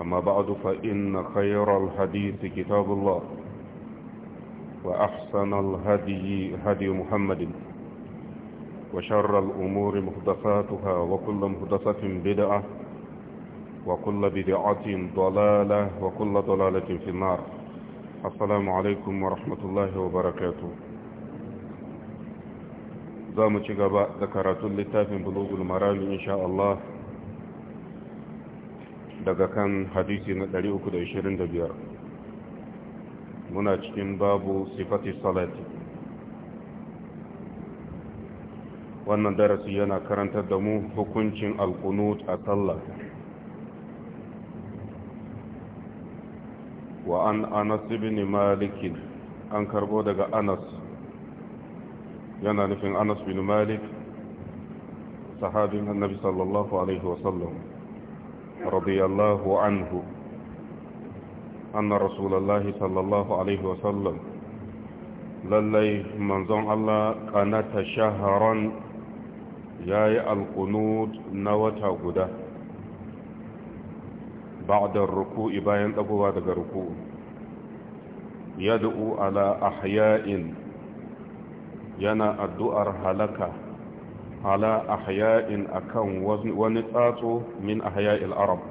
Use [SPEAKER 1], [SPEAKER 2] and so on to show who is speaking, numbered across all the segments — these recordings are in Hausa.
[SPEAKER 1] أما بعد فإن خير الحديث كتاب الله وأحسن الهدي هدي محمد وشر الأمور مهدفاتها وكل مهدفة بدعة وكل بدعة ضلالة وكل ضلالة في النار السلام عليكم ورحمة الله وبركاته زامت شقباء ذكرت اللتاف بلوغ المرام إن شاء الله daga kan hadisi na 325 muna cikin babu sifati salati wannan darasi yana karantar da mu hukuncin alkunut a sallah wa an anas ibn malik an karbo daga anas yana nufin anas ibn malik sahabin annabi sallallahu alaihi wasallam رضي الله عنه أن رسول الله صلى الله عليه وسلم للي منظم الله قناة شهرا ياي القنود نوتا قدا بعد الركوع باين أبوا دقى ركوع يدعو على أحياء ينا الدؤر هلكه ala ahya'in akan wani tsatso min ahya'il arab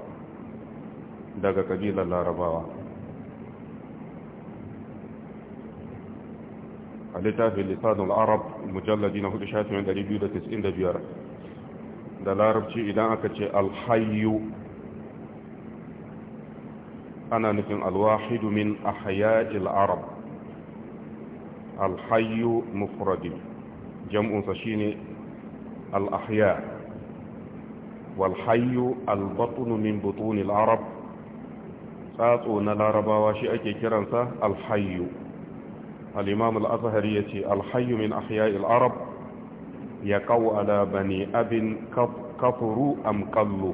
[SPEAKER 1] daga kabilar larabawa a littafin lissanin arab mujalladi na hudu 4,295 da larabci idan aka ce alhayu ana nufin alwahidu min ahya'il arab alhayu mufradi jam'unsa shine الأحياء والحي البطن من بطون العرب ساتون العرب وشئك كرنسة الحي الإمام الأظهرية الحي من أحياء العرب يقو على بني أب كفروا أم قلوا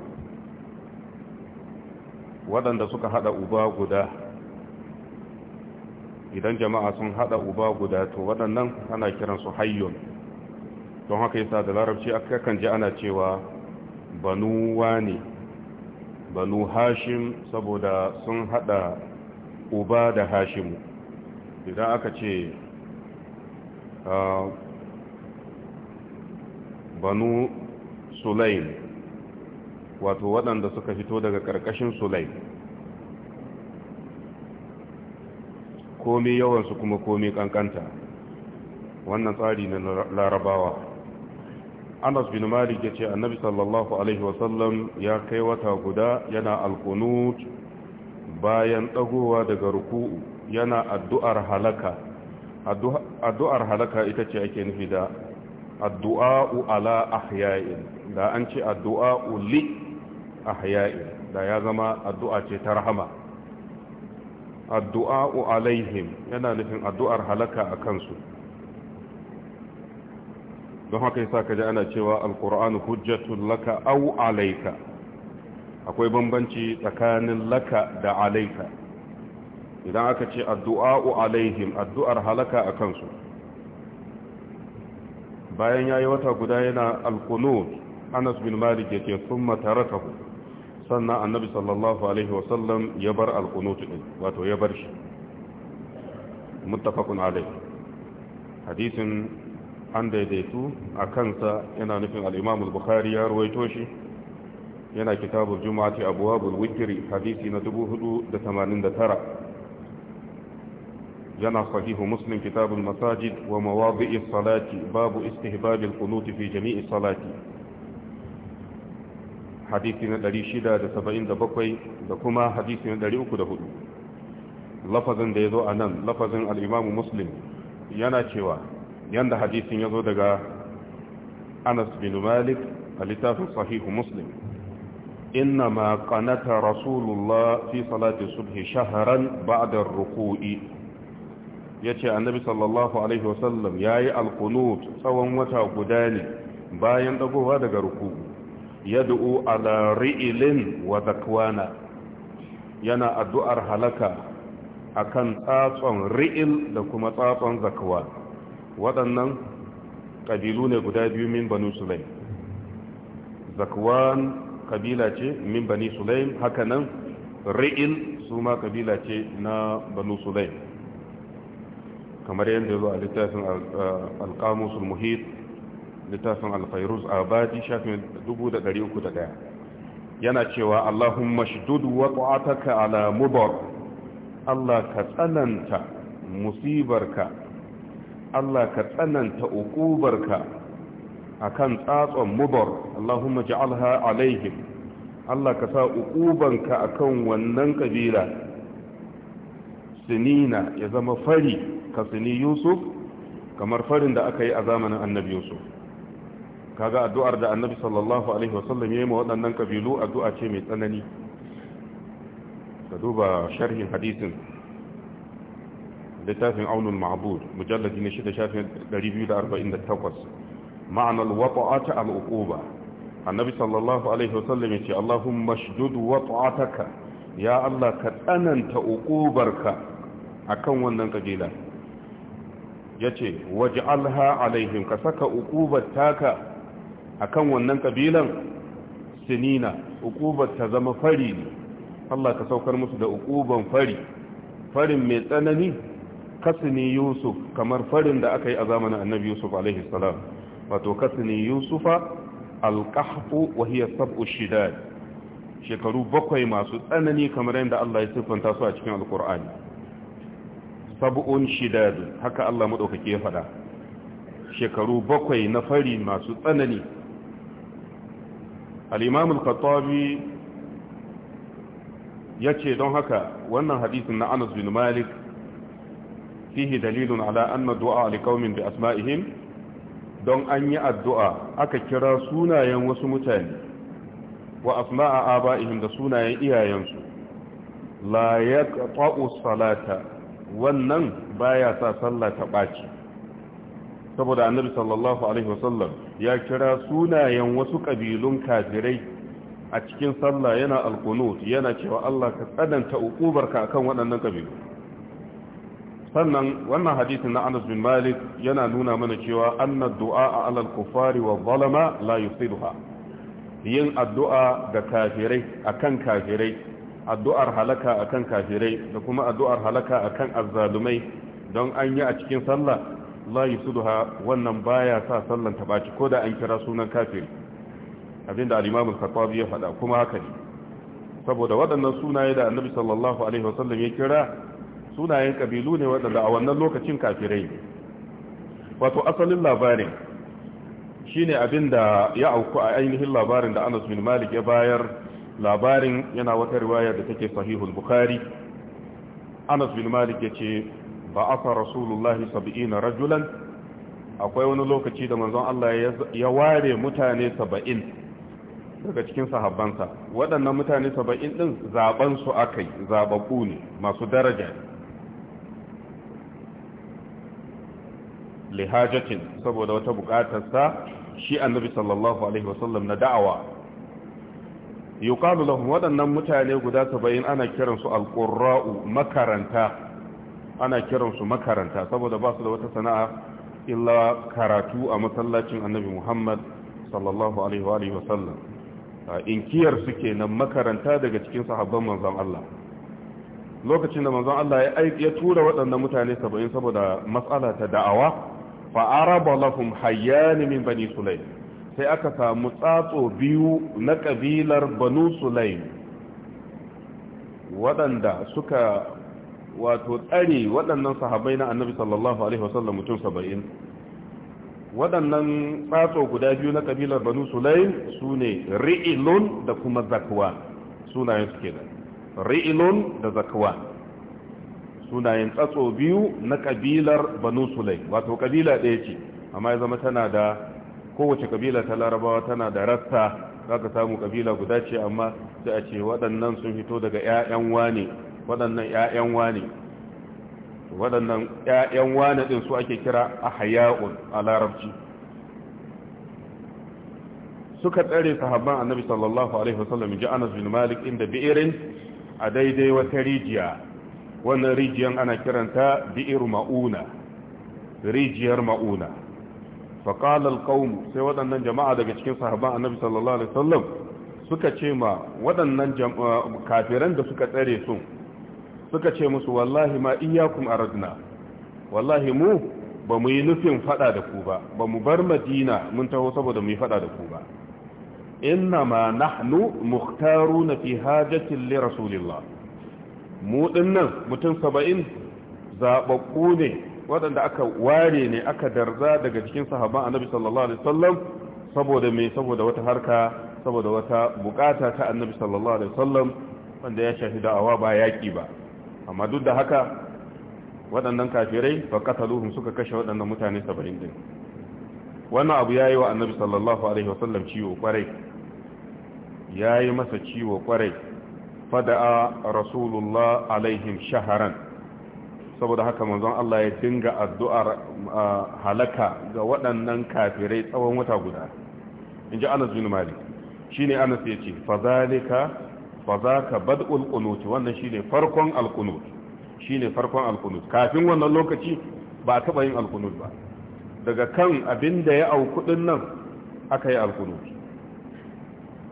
[SPEAKER 1] waɗanda suka haɗa uba guda idan jama'a sun haɗa uba guda to waɗannan ana kiransu hayyun don haka yasa da larabci aka kan ji ana cewa banu wani banu hashim saboda sun hada uba da hashimu idan aka ce banu sulaim wato waɗanda suka fito daga ƙarƙashin sulaim komi yawansu kuma komi ƙanƙanta wannan tsari na larabawa anas bin malik ya ce annabi sallallahu alaihi wasallam ya kai wata guda yana alkunut bayan dagowa daga ruku'u yana addu'ar halaka addu'ar halaka ita ce ake nufi da addu'a'u ala ahya'in da an ce addu'a'u li ahya'in da ya zama addu'a ce ta rahama addu'a'u alaihim yana nufin addu'ar halaka a kansu don haka yasa kaji ana cewa alqur'anu hujjatul laka aw alayka akwai bambanci tsakanin laka da alayka idan aka ce addu'a'u alaihim addu'ar halaka a kansu bayan yayi wata guda yana alqunut Anas bin Malik yake thumma tarakahu sannan annabi sallallahu alaihi sallam ya bar alqunut din wato ya bar shi muttafaqun alaihi hadisin an daidaitu a kansa yana nufin al'imamul bukhari ya ruwaito shi yana kitabul juma'ati abuwabul wikiri hadisi na 489 yana sahihu muslim kitabul masajid wa mawadi'i salati babu istihbabil qunuti fi jami'i salati hadisi na 677 da kuma hadisi na 304 lafazin da ya zo a nan lafazin al'imamu muslim yana cewa yanda hadisin ya zo daga anas bin malik a littafin sahihu muslim inna ma kanata rasulullah fi salati subhi shaharan ba'da ruku'i yace annabi sallallahu alaihi wasallam yayi alqunut tsawon wata guda ne bayan dagowa daga ruku'u yad'u ala ri'lin wa zakwana yana addu'ar halaka akan tsatson ri'il da kuma tsatson zakwana waɗannan ƙabilu ne guda biyu min banu sulaim zakwan ƙabila ce min bani sulaim hakanan ri'il su ma ƙabila ce na banu sulaim kamar yadda zo a littafin alƙamusul eh, muhit littafin alfairuz abadi shafin ɗaya. yana cewa Allahumma shudud wata'ataka ala mubar Allah ka tsananta musibarka Allah ka tsananta ukubarka akan tsatson mubar Allahumma ja'alha alaihim Allah ka sa ukubanka akan wannan kabila sinina ya zama fari ka sini Yusuf kamar farin da aka yi a zamanin Annabi Yusuf kaga addu'ar da Annabi sallallahu alaihi wasallam yayi ma waɗannan kabilu addu'a ce mai tsanani ka duba sharhin hadisin littafin Aunun ma'bud mujalladi ne shida shafin 248 ma'anar wata'ata al'uquba annabi sallallahu alaihi wasallam yace Allahumma shdud wata'ataka ya Allah ka tsananta uqubarka akan wannan kabila yace waj'alha alaihim ka saka uqubar taka akan wannan kabilan sinina uqubar ta zama fari Allah ka saukar musu da ukubar fari farin mai tsanani kasni yusuf kamar farin da aka yi a zamanin annabi yusuf alaihi salam wato kasni yusufa alqahfu wa hiya sab'u shidad shekaru bakwai masu tsanani kamar yadda Allah ya siffanta su a cikin alqur'ani sab'un shidad haka Allah madaukake ya faɗa shekaru bakwai na fari masu tsanani al-imam al-khattabi yace don haka wannan hadisin na Anas bin Malik fihi dalilun ala anna du'a liqaumin bi asma'ihim don an yi addu'a aka kira sunayen wasu mutane wa asma'a aba'ihim da sunayen iyayensu la yaqta'u salata wannan baya sa sallah ta baci saboda annabi sallallahu alaihi wasallam ya kira sunayen wasu kabilun kafirai a cikin sallah yana alkunut yana cewa Allah ka tsananta a kan waɗannan kabilu sannan wannan hadisin na Anas bin Malik yana nuna mana cewa anna du'a ala al wa zalama la yusiduha yin addu'a ga kafirai akan kafirai addu'ar halaka akan kafirai da kuma addu'ar halaka akan azzalumai don an yi a cikin sallah la yusiduha wannan baya sa sallan ta baci ko da an kira sunan kafiri abinda al-Imam al ya faɗa kuma haka ne saboda waɗannan sunaye da Annabi sallallahu alaihi wasallam ya kira sunayen kabilu ne waɗanda a wannan lokacin kafirai wato asalin labarin shine abin da ya auku a ainihin labarin da Anas bin Malik ya bayar labarin yana wata riwaya da take sahihul Bukhari Anas bin Malik yace ba'atha Rasulullahi 70 rajulan akwai wani lokaci da manzon Allah ya ware mutane saba'in daga cikin sahabbansa waɗannan mutane saba'in ɗin zaben su akai zababbu ne masu daraja lihajatin saboda wata bukatarsa shi annabi sallallahu alaihi wasallam na da'awa yuqalu lahum waɗannan mutane guda 70 ana kiransu alqurra'u makaranta ana kiransu makaranta saboda ba su da wata sana'a illa karatu a masallacin annabi Muhammad sallallahu alaihi wa alihi wasallam inkiyar suke nan makaranta daga cikin sahabban manzon Allah lokacin da manzon Allah ya tura waɗannan mutane 70 saboda matsala ta da'awa fa'araba lahum hayyani min bani sulaim sai aka samu tsatso biyu na kabilar banu sulaim waɗanda suka wato tsare waɗannan sahabai na annabi sallallahu alaihi wasallam mutum saba'in waɗannan tsatso guda biyu na kabilar banu sulaim su ne ri'ilun da kuma zakwa sunayen su kenan ri'ilun da zakwa sunayen tsatso biyu na kabilar banu wato kabila ɗaya ce amma ya zama tana da kowace kabila ta larabawa tana da rasta za ka samu kabila guda ce amma sai a ce waɗannan sun fito daga 'ya'yan wane waɗannan 'ya'yan wane waɗannan 'ya'yan wane ɗin su ake kira a haya'un a larabci suka tsare sahabban annabi sallallahu alaihi wasallam ji anas bin malik inda bi'irin a daidai wata rijiya wannan rijiyar ana kiranta bi'ir ma'una rijiyar ma'una faƙal alƙaunu sai waɗannan jama'a daga cikin sahaban annabi sallallahu alaihi wasallam suka ce ma waɗannan eh, kafiran da suka tsare su suka ce musu wallahi ma iyakum aradna wallahi mu ba mu yi nufin faɗa da ku ba ba mu bar madina mun taho saboda mu yi faɗa da ku ba inna ma nahnu na fi hajatin li rasulillah mu dinnan mutum saba'in zaɓaɓɓu ne waɗanda aka ware ne aka darza daga cikin sahaban annabi sallallahu alaihi wasallam saboda me saboda wata harka saboda wata bukata ta annabi sallallahu alaihi sallam wanda ya shafi da'awa ba yaƙi ba amma duk da haka waɗannan kafirai ba qataluhum suka kashe waɗannan mutane saba'in din wannan abu ya yi wa annabi sallallahu alaihi wasallam ciwo kwarai Ya yi masa ciwo kwarai fada'a rasulullah alaihim shaharan saboda haka manzon Allah ya dinga addu'ar halaka ga waɗannan kafirai tsawon wata guda in ji anas bin malik shine anas ya ce fadhalika fadhaka bad'ul qunut wannan shine farkon al-qunut shine farkon al-qunut kafin wannan lokaci ba taba yin al-qunut ba daga kan abinda ya auku nan aka yi al-qunut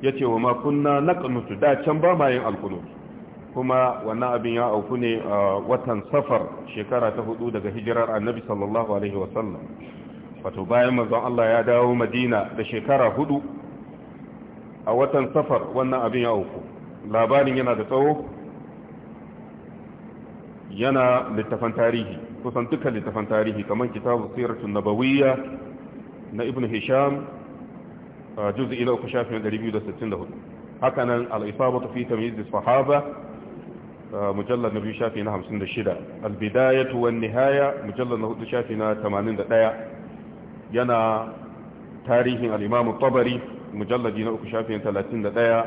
[SPEAKER 1] yace wa ma kunna naqnutu da can ba ma yin alqunut kuma wannan abin ya auku ne a watan safar shekara ta hudu daga hijirar annabi sallallahu alaihi wasallam wato bayan manzon Allah ya dawo Madina da shekara hudu a watan safar wannan abin ya auku labarin yana da tsawo yana littafan tarihi kusan dukkan littafan tarihi kamar kitabu siratun nabawiyya na ibn hisham juz'i na uku shafin 264 haka nan al-isabatu fi tamyiz as-sahaba mujallad na biyu shafi na 56 al-bidayatu wan nihaya mujallad na hudu shafi na 81 yana tarihin al-imam at-tabari mujalladi na uku shafi na 31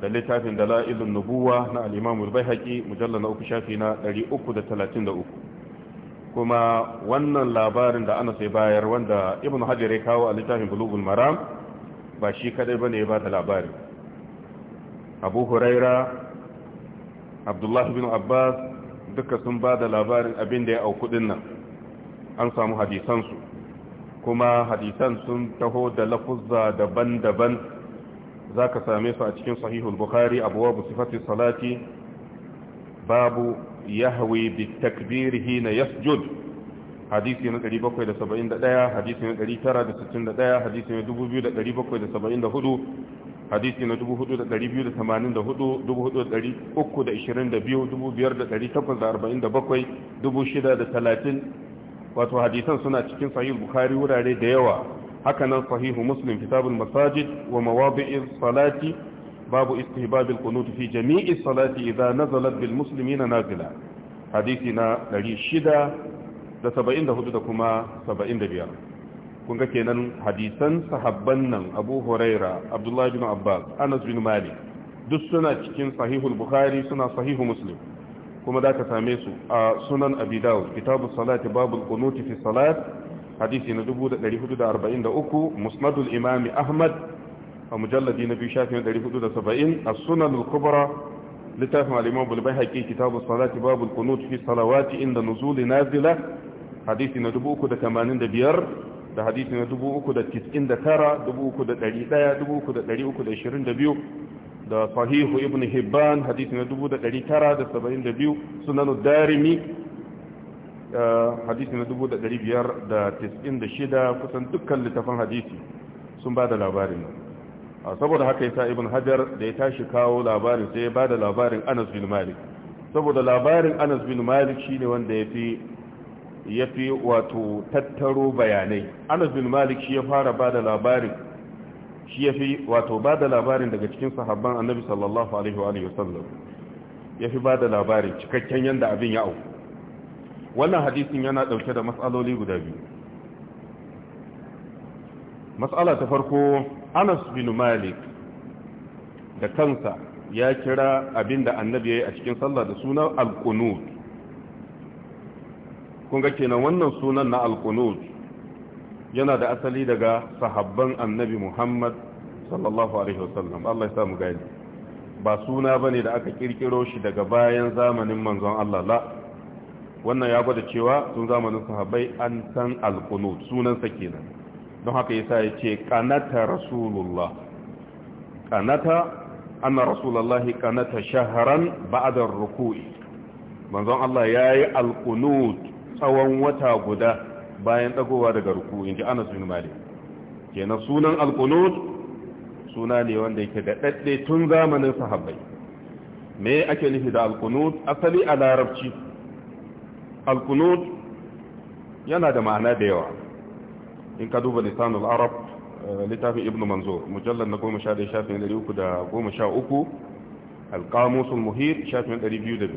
[SPEAKER 1] da littafin dalailun nubuwa na na uku shafi na kuma wannan labarin da ana sai bayar wanda ibn hajar ya kawo a littafin bulugul maram ba shi kadai bane ya ba da labari abu huraira abdullahi bin abbas duka sun ba da labarin abin da ya auku nan an samu hadisansu kuma hadisan sun taho da lafuzza daban-daban za ka same su a cikin sahihul bukhari abuwa bu sifatin salati babu yahwi bi takbiri na yasjud hadisi na 771 hadisi na 961 hadisi na 2774 hadisi na 4284 4322 wato hadisan suna cikin sahih bukhari wurare da yawa hakanan sahihu muslim kitabul masajid wa mawadi'is salati babu istihbab al fi jami'i salati idha nazalat bil muslimina nazila hadisi na 600 da saba'in da hudu da kuma saba'in da biyar kun ga kenan hadisan sahabban nan abu huraira abdullahi bin abbas anas bin Mali duk suna cikin sahihul bukhari suna sahihu muslim kuma da ka same su a sunan abi dawud kitabu salati babul qunuti fi salat hadisi na 1443 musnadul imam ahmad a mujalladi na biyu shafin 470 a sunan al-kubra littafin al-imam bulbai haƙi kitabu salati babul qunut fi salawati inda nuzuli nazila hadisi na 385 da hadisi na 399 da 322 da sahihu ibn hibban hadisi na 972 sunan darimi eh, hadisi na 596 kusan dukkan littafin hadisi sun ba da labarin saboda haka yasa ibn hajar da ya tashi kawo labarin sai ya ba da labarin anas bin malik saboda labarin anas bin malik shine wanda ya fi ya fi wato tattaro bayanai anas bin malik shi ya fara ba labarin shi ya fi wato ba labarin daga cikin sahabban annabi sallallahu alaihi wa sallam ya fi ba labarin cikakken yadda abin ya au wannan hadisin yana ɗauke da matsaloli guda biyu matsala ta farko anas bin malik da kansa ya kira abinda da annabi ya a cikin sallah da suna alkunut kun ga kenan wannan sunan na alkunut yana da asali daga sahabban annabi muhammad sallallahu alaihi wasallam Allah ya samu gani ba suna bane da aka kirkiro shi daga bayan zamanin manzon Allah la wannan ya gwada cewa tun zamanin sahabbai an san alkunut sunansa kenan don haka yasa ya ce kanata rasulullah kanata anna rasulullahi kanata shaharan ba'da ruku'i manzon Allah yayi alkunut tsawon wata guda bayan dagowa daga ruku inji Anas bin Malik kenan sunan al suna ne wanda yake da dadde tun zamanin sahabbai me ake nufi da al asali a larabci al yana da ma'ana da yawa in ka duba lisanul arab eh, littafin ibn manzur mujallar na goma sha 11 shafin sha al-qamusul muhit shafin biyu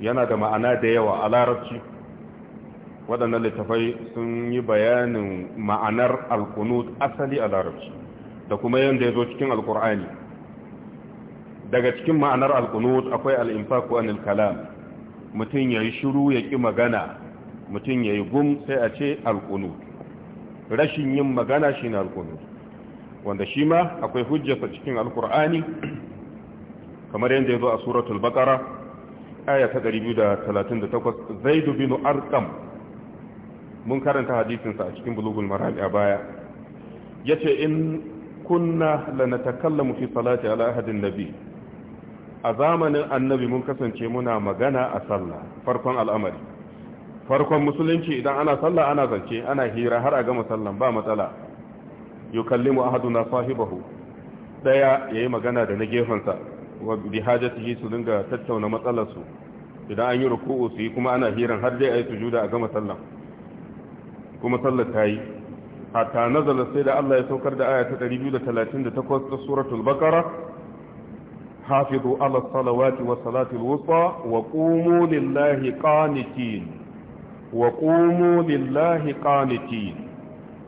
[SPEAKER 1] yana da ma'ana da yawa a larabci waɗannan littafai sun yi bayanin ma'anar alkunut asali a larabci da kuma yadda ya zo cikin alkur'ani daga cikin ma'anar alkunut akwai al'infaku anil kalam mutum ya yi shiru ya ƙi magana mutum ya yi gum sai a ce alkunut rashin yin magana shi ne alkunut wanda shi ma akwai hujjata cikin alkur'ani kamar yadda ya zo a suratul bakara aya ta 238 zaidu binu arkam mun karanta hadisinsa a cikin bulugun marami a baya ya ce in kunna lanatakallamu fi salati ala ahadin nabi a zamanin annabi mun kasance muna magana a sallah farkon al'amari farkon musulunci idan ana sallah ana zance ana hira har a gama sallah ba matsala yukallimu ahaduna sahibahu daya yayi magana da na gefensa wa bi ciki su dinga tattauna matsalarsu idan an yi ruku'u su yi kuma ana hiran har dai su sujuda a gama sallah. kuma sallar ta yi hatta nazala sai da Allah ya saukar da aya ta 238 ta suratul baqara hafizu ala salawati wa salati al-wusta wa qumu lillahi qanitin wa qumu lillahi qanitin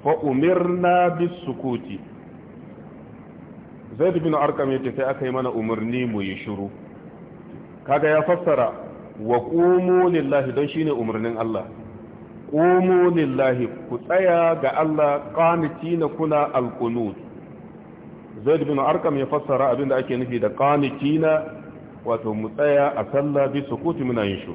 [SPEAKER 1] fa umirna bis-sukuti zaid bin arqam yace sai aka yi mana umarni mu yi shiru kaga ya fassara wa qumu lillahi don shine umarnin Allah komo lillahi ku tsaya ga Allah ƙanici na kuna alkunut Zai bin arkam ya fassara abin da ake nufi da ƙanici na wato mu tsaya a sallah bi sukuti muna yin shu.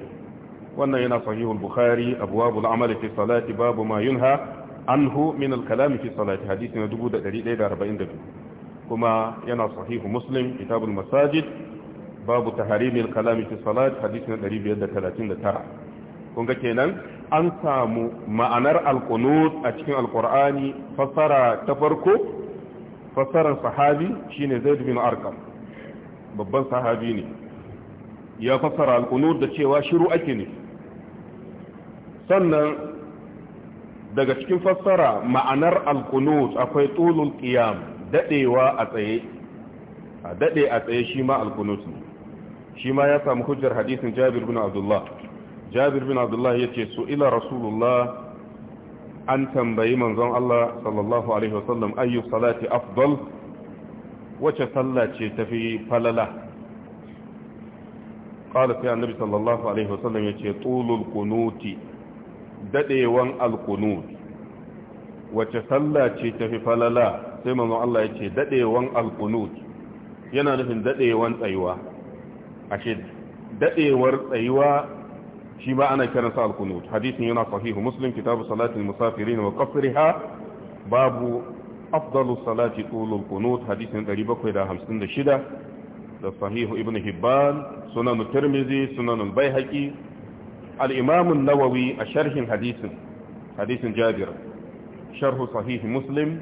[SPEAKER 1] wannan yana sahihul bukhari abwabul amali fi salati babu ma yunha anhu min al fi salati hadisi na 1142 kuma yana sahihu muslim kitabul masajid babu tahrimil kalam fi salati hadisi na 539 kun ga kenan an samu ma'anar alkunut a cikin alkur'ani fassara ta farko fassarar sahabi shine zaid bin arqam babban sahabi ne ya fassara alkunut da cewa shiru ake ne sannan daga cikin fassara ma'anar alkunut akwai tulul qiyam dadewa a tsaye a dade a tsaye shi ma alkunut ne shi ma ya samu hujjar hadisin jabir bin abdullah jabir bin abdullah ya ce su ila rasulullah an tambayi manzon Allah sallallahu alaihi wasallam ayyu salati afdal wace sallah ce tafi falala qala sai annabi sallallahu alaihi wasallam ya ce tulul qunuti dadewan alqunut wace sallah ce tafi falala sai manzon Allah ya ce dadewan alqunut yana nufin daɗewan tsayuwa ashe daɗewar tsayuwa shi ma ana kiran sa al-qunut hadisin yana sahihu muslim kitabu salatil musafirin wa qasriha babu afdalu salati tulul qunut hadisin 756 da sahihu ibn hibban sunan tirmizi sunan al-baihaqi al-imam an-nawawi a sharhin hadisin hadisin jabir sharh sahih muslim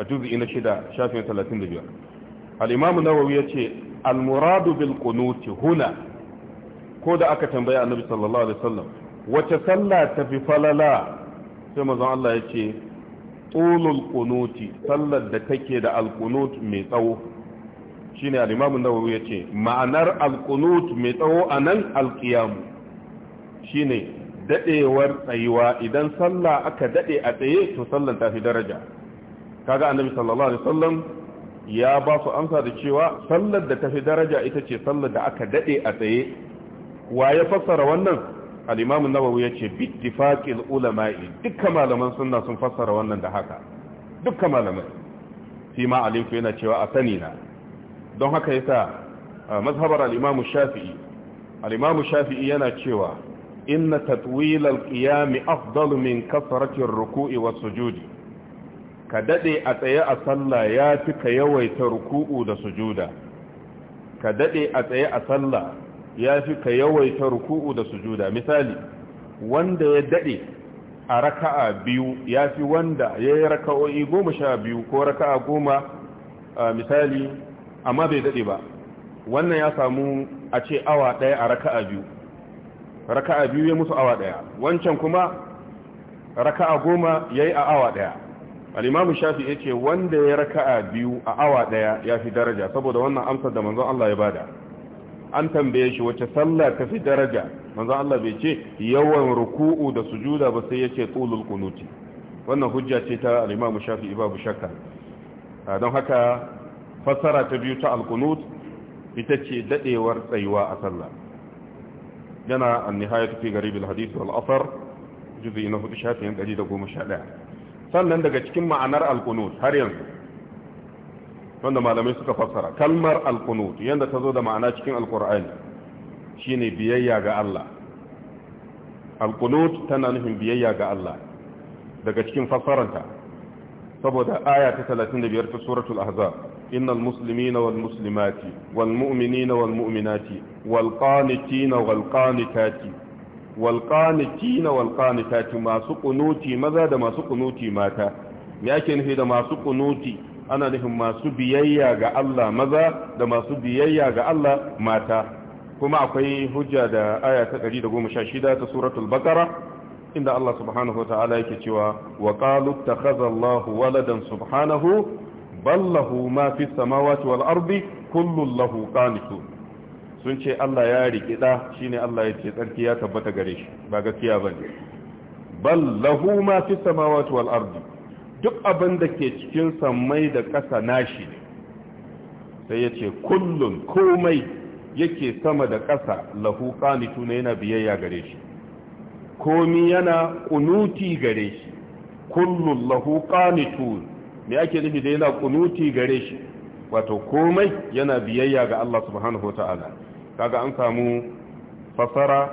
[SPEAKER 1] a juz'i na 6 shafin 35 al-imam an-nawawi yace al-muradu bil qunut huna ko da aka tambaya annabi sallallahu alaihi wasallam wace sallah ta fi falala sai manzon Allah ya ce tulul qunuti sallar da take da alqunut mai tsawo shine al-imam an-nawawi ce ma'anar alqunut mai tsawo anan alqiyam shine dadewar tsayuwa idan sallah aka dade a tsaye to sallar ta fi daraja kaga annabi sallallahu alaihi wasallam ya ba su amsa da cewa sallar da ta fi daraja ita ce sallar da aka dade a tsaye wa ya fassara wannan al-imam an-nawawi yace bi ittifaqil ulama'i dukkan malaman suna sun fassara wannan da haka dukkan malaman fi ma alimtu yana cewa a sani na don haka ya sa, mazhabar al-imam shafi'i al shafi'i yana cewa inna tatwil al-qiyam afdalu min kasrati ar-ruku'i was-sujudi ka dade a tsaye a sallah yafi ka yawaita ruku'u da sujuda ka dade a tsaye a sallah ya fi ka yawaita ruku'u da sujuda misali wanda ya daɗe a raka'a biyu ya fi wanda ya yi raka'o'i goma sha biyu ko raka'a goma misali amma bai daɗe ba wannan ya samu a ce awa ɗaya a raka'a biyu raka'a biyu ya musu awa ɗaya wancan kuma raka'a goma ya yi a awa ɗaya al'imamu shafi ya ce wanda ya raka'a biyu a awa ɗaya ya fi daraja saboda wannan amsar da manzon Allah ya bada an tambaye shi wace sallah ta fi daraja manzon Allah bai ce yawan ruku'u da sujuda ba sai yace tulul qunuti wannan hujja ce ta al-Imam Shafi'i babu shakka don haka fassara ta biyu ta al-qunut ita ce dadewar tsayuwa a sallah yana an-nihayatu fi gharib al-hadith wal athar juz'i na 4 shafin 111 sannan daga cikin ma'anar al-qunut har yanzu wanda malamai suka fassara kalmar alkunut yadda ta zo da ma'ana cikin alkur'ani shine biyayya ga Allah alkunut tana nufin biyayya ga Allah daga cikin fassaranta saboda aya ta 35 ta suratul ahzab innal muslimina wal muslimati wal mu'minina wal mu'minati wal qanitina wal qanitati wal qanitina wal qanitati masu kunuti maza da masu kunuti mata me ake nufi da masu kunuti ana nufin masu biyayya ga Allah maza da masu biyayya ga Allah mata kuma akwai hujja da aya ta 116 ta suratul baqara inda Allah subhanahu ta'ala yake cewa wa qalu takhadha Allahu waladan subhanahu ballahu ma fi samawati wal ardi kullun lahu qanitun sun ce Allah ya riki da shine Allah ya ce tsarki ya tabbata gare shi ba gaskiya bane ballahu ma fi samawati wal ardi duk abin da ke cikin sammai da ƙasa nashi ne sai ya ce kullum komai yake sama da ƙasa lahu qanitu ne yana biyayya gare shi komi yana kunuti gare shi kullum lahu qanitu me ake nufi da yana ƙunuti gare shi wato komai yana biyayya ga Allah subhanahu ta'ala, kaga an samu fasara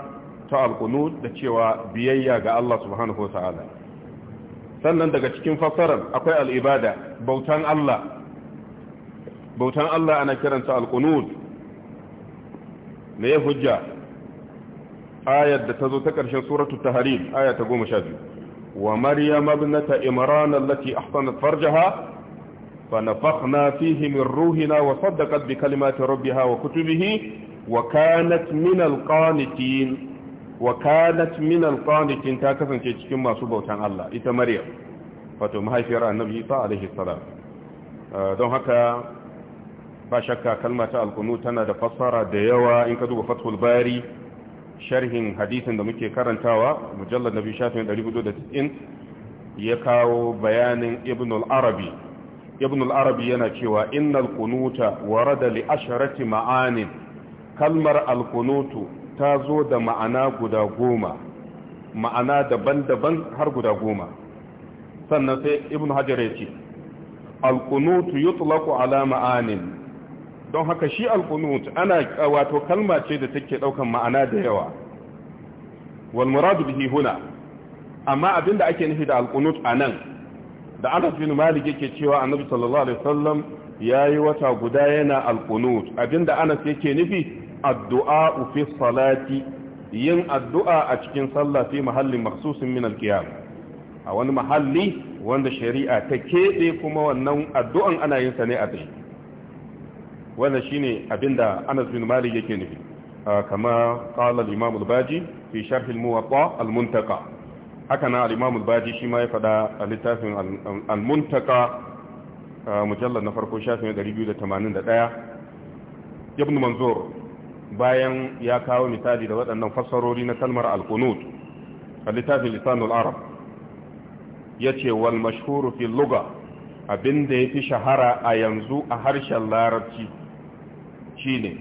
[SPEAKER 1] ta alkunu da cewa biyayya ga Allah subhanahu ta'ala. sannan daga cikin fassarar akwai al'ibada bautan Allah bautan Allah ana kiransa alƙunud na ya hujja ayar da ta zo ta ƙarshen suratu ta harim aya ta goma sha biyu wa maryam abnata imran allati ahsanat farjaha fa nafakhna fihi min ruhina wa saddaqat bi kalimati rabbiha wa kutubihi wa kanat min alqanitin wa kanat min alqanitin ta kasance cikin masu bautan Allah ita Maryam wato mahaifiyar Annabi Isa alaihi salam ah, don haka ba shakka kalma ta alkunu tana da fassara da yawa in ka duba Fathul Bari sharhin hadisin da muke karantawa mujallad nabi shafin 490 ya kawo bayanin Ibn al-Arabi Ibn al-Arabi yana cewa innal qunuta warada li asharati ma'anin kalmar al-qunutu ta zo da ma'ana guda goma ma'ana daban-daban har guda goma sannan sai ibn hajar ya ce alkunutu yutlaqu ala ma'anin don haka shi alkunut ana wato kalma ce da take daukan ma'ana da yawa wal muradu bihi huna amma abinda ake nufi da alkunut anan da Anas bin Malik yake cewa Annabi sallallahu alaihi wasallam yayi wata guda yana alkunut abinda Anas yake nufi addu'a fi salati yin addu'a a cikin sallah fi mahallin maksusin min a wani mahalli wanda shari'a ta keɓe kuma wannan addu'an ana yin sa ne a tsaye wannan shine abinda Anas bin Malik yake nufi kama qala imam baji fi sharh al-Muwatta al-Muntaqa haka na al-Imam baji shi ma ya faɗa a littafin al-Muntaqa mujallad na farko shafin 281 Ibn Manzur bayan ya kawo misali da waɗannan fassarori na kalmar al-qunut a littafin lisanul arab yace wal mashhuru fi lugha abinda yafi shahara a yanzu a harshen larabci shine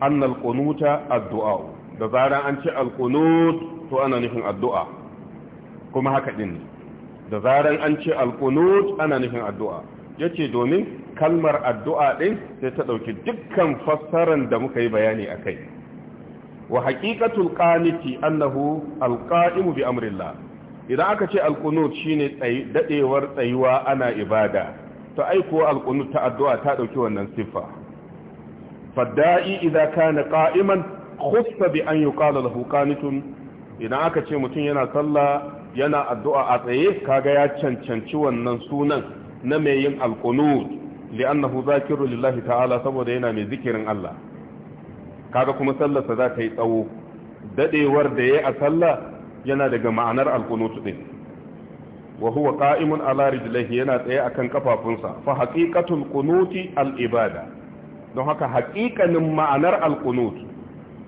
[SPEAKER 1] annal qunuta addu'a da zaran an ce al-qunut to ana nufin addu'a kuma haka din da zaran an ce al-qunut ana nufin addu'a yace domin kalmar addu'a ɗin sai ta ɗauki dukkan fassaran da muka yi bayani a kai wa haƙiƙatul ƙaniti annahu alƙa'imu bi amrillah idan aka ce alƙunut shine daɗewar tsayuwa ana ibada ta aiko alƙunut ta addu'a ta ɗauki wannan siffa fadda'i idza kana qa'iman khussa bi an yuqala lahu qanitun idan aka ce mutum yana sallah yana addu'a a tsaye kaga ya cancanci wannan sunan na mai yin alƙunut li'annahu zakiru lillahi ta'ala saboda yana mai zikirin Allah kaga kuma sallarsa za ta yi tsawo dadewar da yayi a sallah yana daga ma'anar alqunut din wa huwa qa'imun ala rijlihi yana tsaye akan kafafunsa fa haqiqatul qunuti al-ibada don haka haqiqanin ma'anar alqunut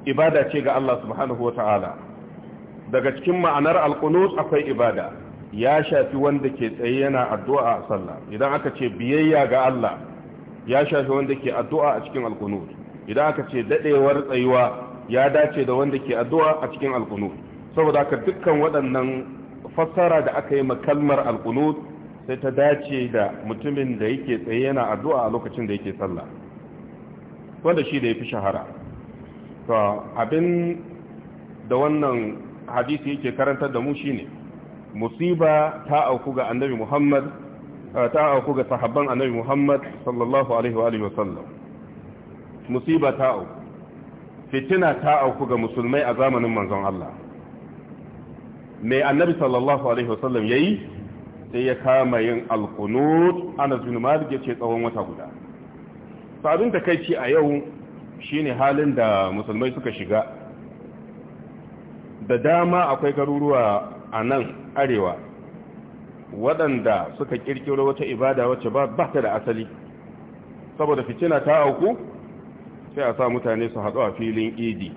[SPEAKER 1] ibada ce ga Allah subhanahu wa ta'ala daga cikin ma'anar alqunut akwai ibada ya shafi wanda ke tsaye yana addu'a a sallah idan aka ce biyayya ga Allah ya shafi wanda ke addu'a a cikin alkunut idan aka ce daɗewar tsayuwa ya dace da wanda ke addu'a a cikin alkunut saboda haka dukkan waɗannan fassara da aka yi makalmar alkunut sai ta dace da mutumin da yake tsaye yana addu'a a lokacin da yake sallah wanda shi da ya fi shahara to abin da wannan hadisi yake karantar da mu shine musiba ta auku ga annabi Muhammad ta auku ga sahabban annabi Muhammad sallallahu alaihi wa sallam. musiba ta auku fitina ta auku ga musulmai a zamanin manzon Allah mai annabi sallallahu alaihi wa wasallam yayi sai ya kama yin alqunut ana bin malik ce tsawon wata guda sabin takeici a yau shine halin da musulmai suka shiga da dama akwai garuruwa a nan arewa waɗanda suka ƙirƙiro wata ibada wacce ba ta da asali saboda fitina ta auku sai a sa mutane su haɗu a filin idi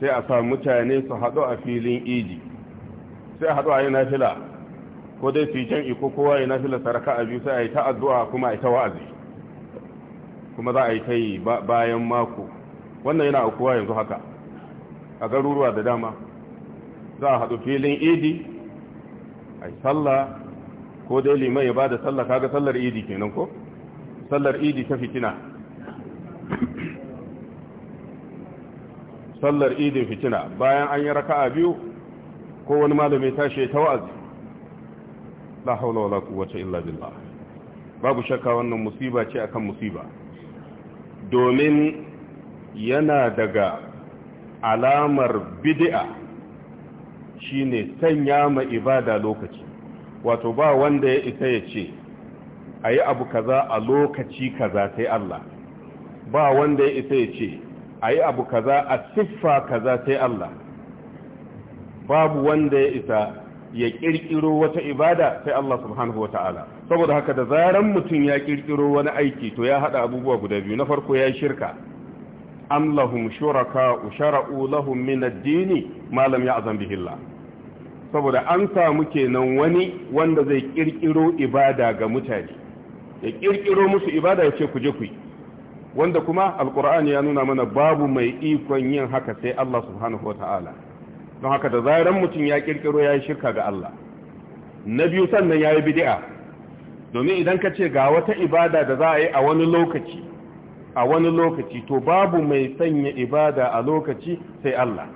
[SPEAKER 1] sai a sa mutane su haɗu a filin idi sai a haɗu a yi nafila ko dai su yi can iko kowa yi nafila saraka a biyu sai a yi ta addu'a kuma a yi ta wa'azi kuma za a yi ta yi bayan mako wannan yana aukuwa yanzu haka a garuruwa da dama za a haɗu filin idi a yi sallah ko dai liman ya ba da sallah kaga sallar idi kenan ko sallar idi ta fitina sallar idin fitina bayan an yi raka'a biyu ko wani malami tashi ta wa'azi la haula wala quwwata illa billah babu shakka wannan musiba ce akan musiba domin yana daga alamar bid'a shine sanya ma ibada lokaci wato ba wanda ya isa ya ce a yi abu kaza a lokaci kaza sai Allah ba wanda ya isa ya ce a yi abu kaza a siffa kaza sai Allah babu wanda ya isa ya kirkiro wata ibada sai Allah subhanahu wata'ala saboda haka da zaran mutum ya ƙirƙiro wani aiki to ya haɗa abubuwa guda biyu na farko ya shirka am lahum shuraka ushara'u lahum min ad-dini malam ya azan bihillah saboda an samu kenan wani wanda zai kirkiro ibada ga mutane ya kirkiro musu ibada ya ce ku je ku wanda kuma Alƙur'ani ya nuna mana babu mai ikon yin haka sai Allah subhanahu wataala don haka da zairan mutum ya kirkiro ya yi shirka ga Allah na biyu sannan ya yi bid'a domin idan ka ce ga wata ibada da za a yi a wani lokaci a wani lokaci to babu mai sanya ibada a lokaci sai Allah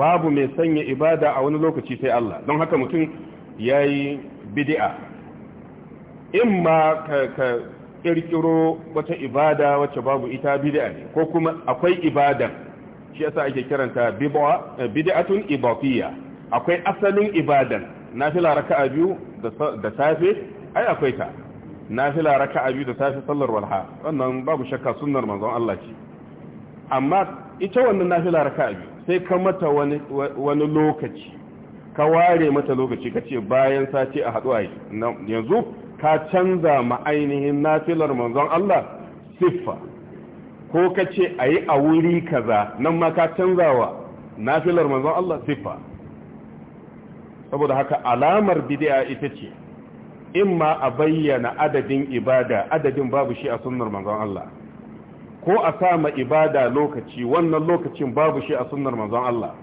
[SPEAKER 1] babu mai sanya ibada a wani lokaci sai Allah don haka mutum ya yi bidi'a in ma ka kirkiro wata ibada wacce babu ita bidi'a ne ko kuma akwai ibada shi yasa ake kiranta bid'atun ibafiyya akwai asalin ibadan nafila raka'a biyu da safe ai akwai ta nafila raka'a biyu da safe sallar walha wannan babu shakka sunnar manzon Allah ce amma ita wannan nafila raka'a biyu sai ka mata wani lokaci ka ware mata lokaci ka ce bayan sati a haɗu a yanzu ka canza ma ainihin nafilar manzon Allah siffa ko ka ce a yi a wuri kaza nan ma ka canza wa nafilar manzon Allah siffa saboda haka alamar bidiya ita ce in ma a bayyana adadin ibada adadin babu shi a sunnar manzon Allah ko a sama ibada lokaci wannan lokacin babu shi a sunnar manzon Allah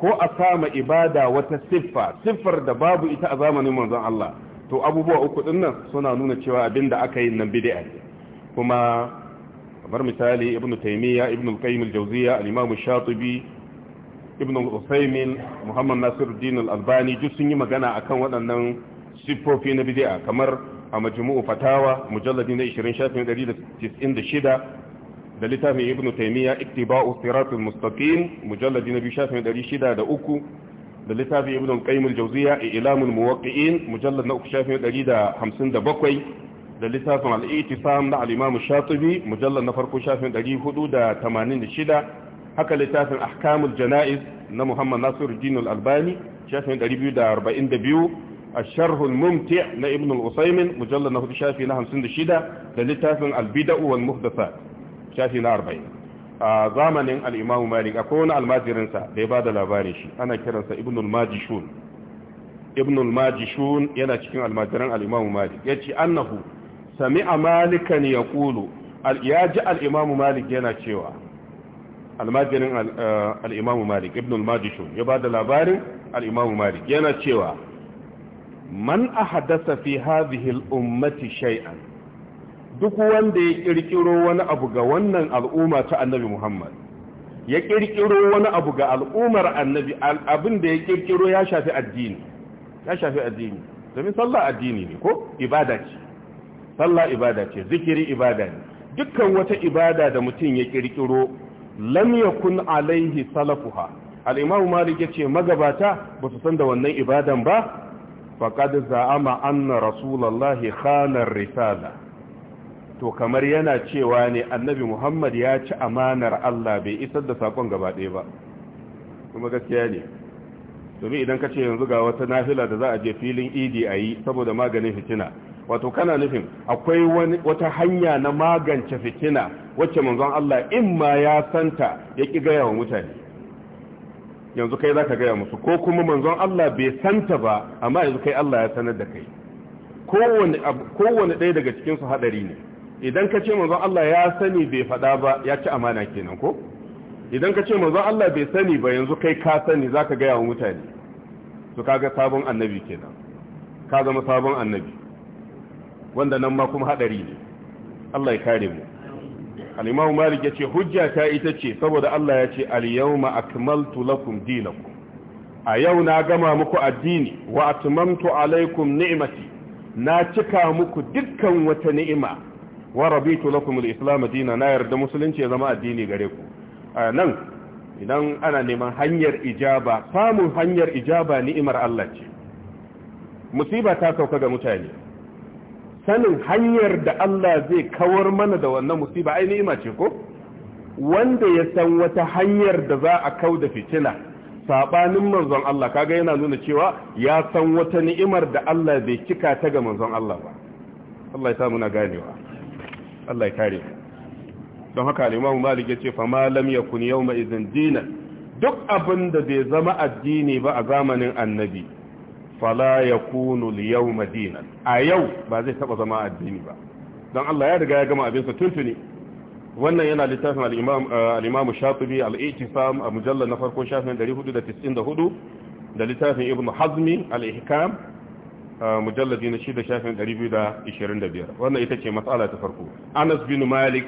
[SPEAKER 1] ko a sama ibada wata siffa siffar da babu ita a zamanin manzon Allah to abubuwa uku ɗinnan suna nuna cewa abinda aka yi nan bid'a ne kuma kamar misali ibnu taymiya ibnu qayyim al-jawziyya al-imam shatibi ibnu usaymin muhammad nasiruddin al-albani duk sun yi magana akan waɗannan siffofi na bid'a kamar a majmu'u fatawa mujalladi na 20 shafin 196 da littafin ibn taymiya iktiba'u siratul mustaqim mujalladi na biyu shafin ɗari shida da uku da littafin ibn al Jauziya al-jawziya ilamul muwaqqi'in mujallad na uku shafin ɗari da hamsin da bakwai da littafin al-i'tisam na al-imam shatibi mujallad na farko shafin ɗari hudu da tamanin da shida haka littafin ahkamul jana'iz na muhammad nasiruddin al-albani shafin ɗari biyu da arba'in da biyu الشرح الممتع لابن القصيم مجلد نهض شافي نهم سند شدة للتافن البدع والمحدثات shafi na arba'in a zamanin al'imamu malik akwai wani almajirinsa da ya ba da labarin shi ana kiransa ibnul majishun ibnul majishun yana cikin almajiran al'imamu malik ya ce annahu a malikan ya kulu ya ji al'imamu malik yana cewa almajirin eh, al'imamu malik ibnul majishun ya ba da labarin al'imamu malik yana cewa man a haddasa fi hazihil ummati shay'an duk wanda ya kirkiro wani abu ga wannan al'umma ta annabi Muhammad ya kirkiro wani abu ga al'ummar annabi abin da ya kirkiro ya shafi addini ya shafi addini domin sallah addini ne ko ibada ce sallah ibada ce zikiri ibada ne dukkan wata ibada da mutum ya kirkiro lam yakun alaihi salafuha al-imam malik yace magabata ba su san da wannan ibadan ba faqad za'ama anna rasulullahi khana risala to kamar yana cewa ne annabi muhammad ya ci amanar allah bai isar da sakon gaba ɗaya ba kuma gaskiya ne domin idan ka ce yanzu ga wata nafila da za a je filin idi a yi saboda maganin fitina wato kana nufin akwai wata hanya na magance fitina wacce manzon allah in ma ya santa ya ƙi gaya wa mutane yanzu kai za ka gaya musu ko kuma manzon allah bai santa ba amma yanzu kai allah ya sanar da kai kowane ɗaya daga cikinsu haɗari ne idan ka ce manzon Allah ya sani bai faɗa ba ya ci amana kenan ko idan ka ce manzon Allah bai sani ba yanzu kai ka sani zaka ga yawan mutane to kaga sabon annabi kenan ka zama sabon annabi wanda nan ma kuma hadari ne Allah ya kare mu al-Imam Malik yace hujja ta ita ce saboda Allah ya ce al-yawma akmaltu lakum dinakum a yau na gama muku addini wa atmamtu alaikum ni'mati na cika muku dukkan wata ni'ima wa rabitu lakum al-islam dina na yarda musulunci ya zama addini gare ku nan idan ana neman hanyar ijaba samun hanyar ijaba ni'imar Allah ce musiba ta sauka ga mutane sanin hanyar da Allah zai kawar mana da wannan musiba ai ni'ima ce ko wanda ya san wata hanyar da za a kau da fitina sabanin manzon Allah kaga yana nuna cewa ya san wata ni'imar da Allah bai cika ta ga manzon Allah ba Allah ya sa muna ganewa Allah ya kare don haka al Malik ya fa ma lam yau yawma izin dinan duk abin da bai zama addini ba a zamanin annabi fala yakunu al-yawma dinan a yau ba zai taba zama addini ba don Allah ya riga ya gama abin sa tuntuni wannan yana littafin al-Imam eh, al a mujallar na farko shafin 494 da littafin Ibn Hazmi al-Ihkam mujalladi na shida shafin 225 wannan ita ce matsala ta farko anas bin malik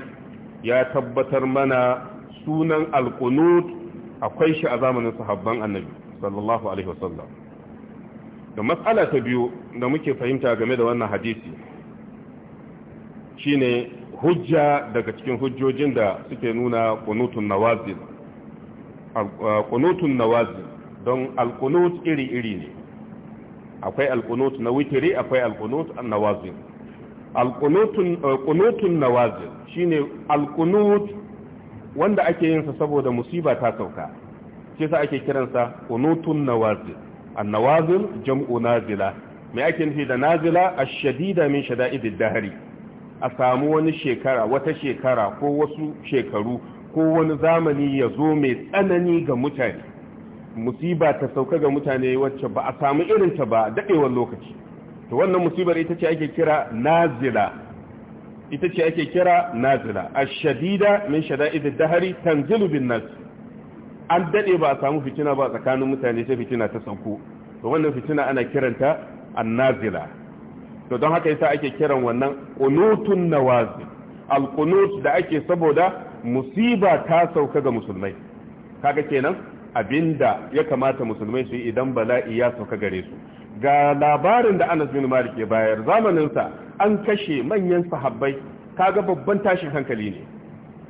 [SPEAKER 1] ya tabbatar mana sunan alkunut akwai shi a zamanin sahabban annabi sallallahu alaihi wasallam da matsala ta biyu da muke fahimta game da wannan hadisi shine hujja daga cikin hujjojin da suke nuna kunutun nawazil kunutun nawazil don alkunut iri-iri ne akwai alqunut na witri akwai alqunut an-nawazil alqunutun eh, nawazil shine alqunut wanda ake yin sa saboda musiba ta sauka shi yasa ake kiransa qunutun nawazil an-nawazil jam'u nazila mai ake nufi da nazila a shadida min shada'idid dahri a samu wani shekara wata shekara ko wasu shekaru ko wani zamani ya zo mai tsanani ga mutane musiba ta sauka ga mutane wacce ba a samu irinta ba daɗewar lokaci to wannan musibar ita ce ake kira nazila ita ce ake kira nazila ash-shadida min shada'id ad-dahri tanzilu bin-nas an dade ba a samu fitina ba tsakanin mutane sai fitina ta sauko to wannan fitina ana kiranta an-nazila to don haka yasa ake kiran wannan qunutun nawazil al-qunut da ake saboda musiba ta sauka ga musulmai kaga kenan abinda ya kamata musulmai su yi idan bala'i ya sauka gare su ga labarin da Anas bin Malik ya bayar zamaninsa an kashe manyan sahabbai kaga babban tashin hankali ne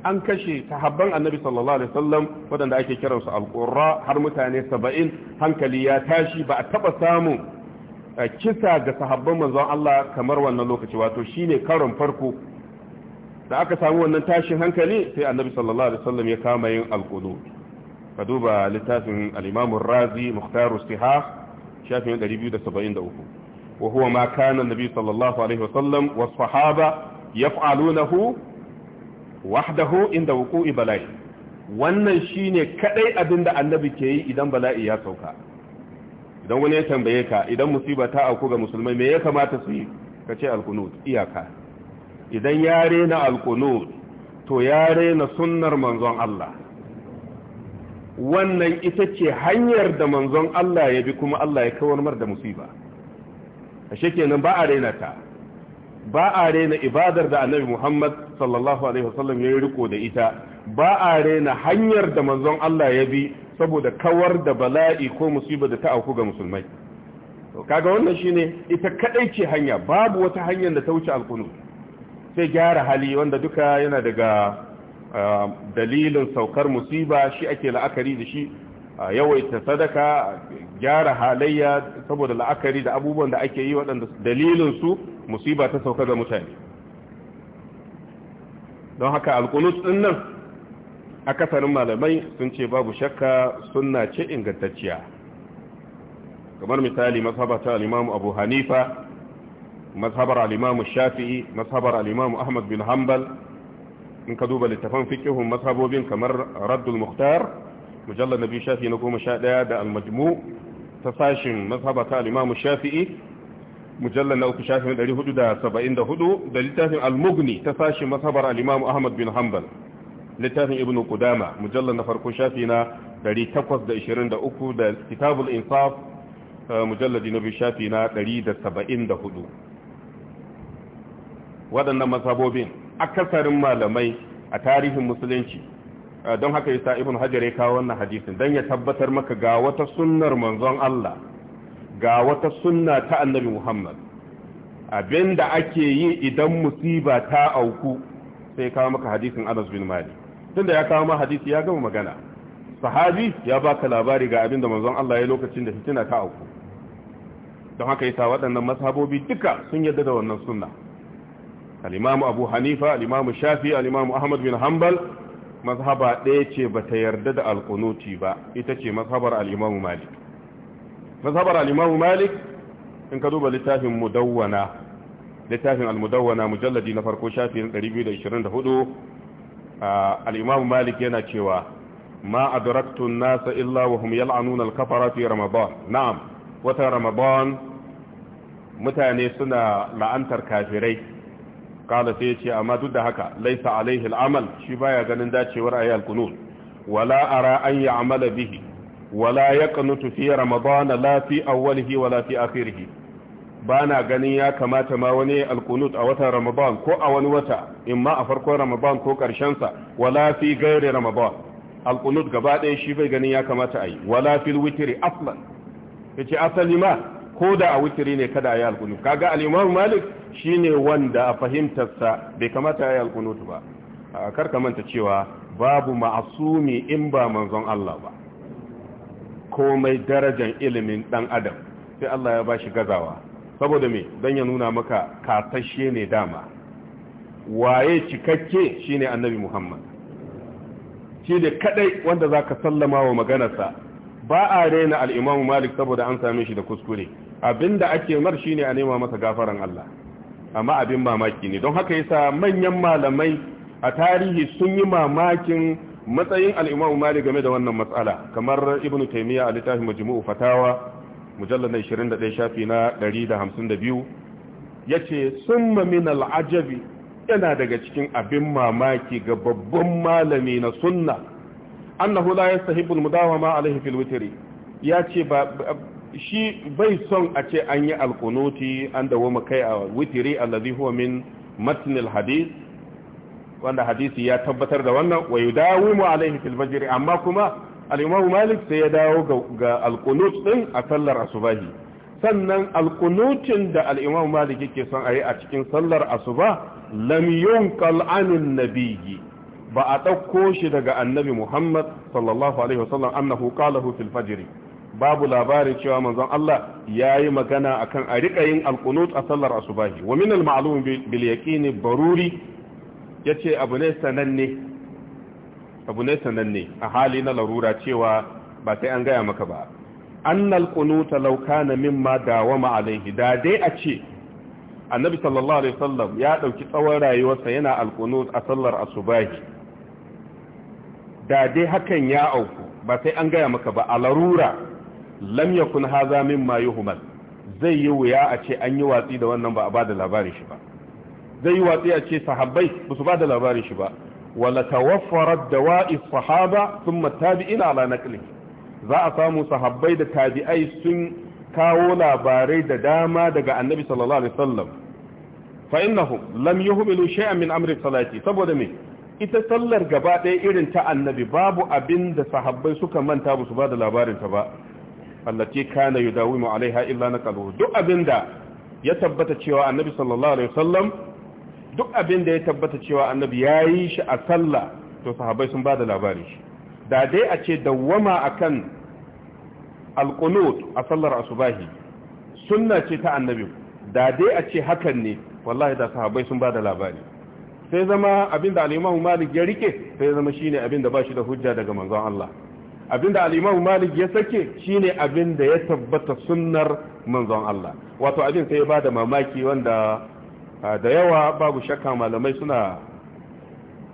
[SPEAKER 1] an kashe sahabban annabi sallallahu alaihi wasallam waɗanda ake kiransu alƙurra har mutane saba'in hankali ya tashi ba a taɓa samun eh, kisa ga sahabban manzon Allah kamar wannan lokaci wato shine karon farko da aka samu wannan tashin hankali sai annabi sallallahu alaihi wasallam ya kama yin alƙulu ka duba littafin al-Imam razi Mukhtar Sihah shafin 273 wa huwa ma kana an-nabi sallallahu alaihi wasallam was-sahaba yaf'alunahu wahdahu inda wuqu'i ibalai. wannan shi shine kadai abinda annabi ke yi idan bala'i ya sauka idan wani ya tambaye ka idan musiba ta auku ga musulmai me ya kamata su yi ka ce alkunut iyaka idan ya rena alkunut to ya rena sunnar manzon Allah wannan ita ce hanyar da manzon Allah ya bi kuma Allah ya kawar mar da musiba ashe kenan ba a raina ta ba a raina ibadar da annabi Muhammad sallallahu alaihi wasallam ya riko da ita ba a raina hanyar da manzon Allah ya bi saboda kawar da bala'i ko musiba da ta auku ga musulmai to kaga wannan shine ita kadai ce hanya babu wata hanyar da ta wuce alkunu sai gyara hali wanda duka yana daga dalilin saukar musiba shi ake la'akari da shi yawaita sadaka gyara halayya saboda la'akari da abubuwan da ake yi waɗanda dalilin su musiba ta sauka ga mutane don haka alkunus ɗin nan a akasarin malamai sun ce babu shakka suna ce ingantacciya kamar misali masabata al'imamu abu hanifa masabar al'imamu shafi'i masabar al'imamu ahmad bin Hambal. in ka duba littafan fiqihun mashabobin kamar raddul muhtar mujallar na biyu shafi na goma sha ɗaya da almajmu ta sashin mashaba ta alimamu shafi'i mujallar na uku shafi na ɗari hudu da saba'in da hudu da littafin almugni ta sashin mashabar alimamu ahmad bin hanbal littafin ibn Kudama mujallar na farko shafi na ɗari takwas da ishirin da uku da kitabul insaf eh, mujallar na biyu shafi na ɗari da saba'in da hudu waɗannan mashabobin akasarin malamai a tarihin musulunci ah, don haka yasa ibn hajar ya kawo wannan hadisin don ya tabbatar maka ga wata sunnar manzon Allah ga wata sunna ta annabi Muhammad abinda ake yi idan musiba ta auku sai kawo maka hadisin Anas bin Malik tunda ya kawo ma hadisi ya gama magana sahabi ya baka labari ga abinda manzon Allah ya lokacin da fitina ta auku don haka yasa waɗannan masahabobi duka sun yarda da wannan sunna al'imamu abu hanifa al'imamu shafi al'imamu ahmad bin hambal mazhaba ɗaya ce ba ta yarda da alƙunuti ba ita ce mazhabar al'imamu malik mazhabar al'imamu malik in ka duba littafin mudawwana littafin al-mudawwana mujalladi na farko shafi 224 al-imamu malik yana cewa ma nasa illa wa hum yal'anuna kafara na'am wata ramadan mutane suna la'antar kafirai kala sai ya ce amma duk da haka laisa alaihi al'amal shi baya ganin dacewar ayi al-qunut wala ara an ya'mala bihi wala yaqnutu fi ramadan la fi awwalihi wala fi akhirih bana ganin ya kamata ma wani al-qunut a watan ramadan ko a wani wata in ma a farkon ramadan ko karshen sa wala fi ghairi ramadan al-qunut gaba ɗaya shi bai ganin ya kamata ayi wala fil witri aslan yace asali ma ko da a witri ne kada ayi al-qunut kaga al-imam malik shine wanda a fahimtarsa bai kamata ya yi alkunutu ba kar ka manta cewa babu ma'asumi in ba manzon Allah ba komai darajan ilimin dan adam sai Allah ya bashi gazawa saboda me dan ya nuna maka katashe ne dama waye cikakke shine annabi Muhammad shi ne kadai wanda zaka sallama wa maganarsa ba a rena al-Imam Malik saboda an same shi da kuskure abinda ake mar shine a nema masa gafaran Allah amma abin mamaki ne don haka yasa manyan malamai a tarihi sun yi mamakin matsayin al'imamu malik game da wannan matsala kamar ibnu taimiyya a littafin majmu'u fatawa mujallar 21 shafi na 152 ya ce sun mamin al'ajabi yana daga cikin abin mamaki ga babban malami na sunna annahu la yastahibbul mudawama alaihi fil witri ya ce shi bai son a ce an yi alkunuti an dawoma kai a witiri allazi huwa min matnil hadith wanda hadisi ya tabbatar da wannan wa yudawimu alaihi fil fajr amma kuma al-imamu malik sai ya dawo ga alkunut din a sallar asubahi sannan alkunutin da al-imamu malik yake son a yi a cikin sallar asuba lam yunqal anin nabiyyi ba a dauko shi daga annabi muhammad sallallahu alaihi wasallam annahu qalahu fil fajr babu labarin cewa manzon Allah ya yi magana akan a riƙa yin alkunut a sallar asubahi wa min al-ma'lum bil yaqini baruri yace abu ne sananne abu ne sananne a hali na larura cewa ba sai an gaya maka ba annal qunuta law kana mimma dawama alaihi da dai a ce annabi sallallahu alaihi wasallam ya dauki tsawon rayuwarsa yana alkunut a sallar asubahi da dai hakan ya auku ba sai an gaya maka ba a larura lam yakun haza mimma yuhmal zai yi wuya a ce an yi watsi da wannan ba a bada labarin shi ba zai yi watsi a ce sahabbai ba su bada labarin shi ba wala tawaffarat dawa'i sahaba thumma tabi'ina ala naqli za a samu sahabbai da tabi'ai sun kawo labarai da dama daga annabi sallallahu alaihi wasallam fa innahu lam yuhmilu shay'an min amri salati saboda me ita sallar gaba ɗaya irin ta annabi babu abin da sahabbai suka manta ba su bada labarin ta ba allati kana yudawimu alaiha illa naqalu duk abinda ya tabbata cewa annabi sallallahu alaihi wasallam duk abinda ya tabbata cewa annabi yayi shi a sallah to sahabbai sun bada labari shi da dai a ce dawwama akan alqunut a sallar asubahi sunna ce ta annabi da dai a ce hakan ne wallahi da sahabbai sun bada labari sai zama abinda al-imamu malik ya rike sai zama shine abinda ba shi da hujja daga manzon Allah abinda al-imam malik ya sake shine da ya tabbata sunnar manzon Allah wato abin sai ba da mamaki wanda da yawa babu shakka malamai suna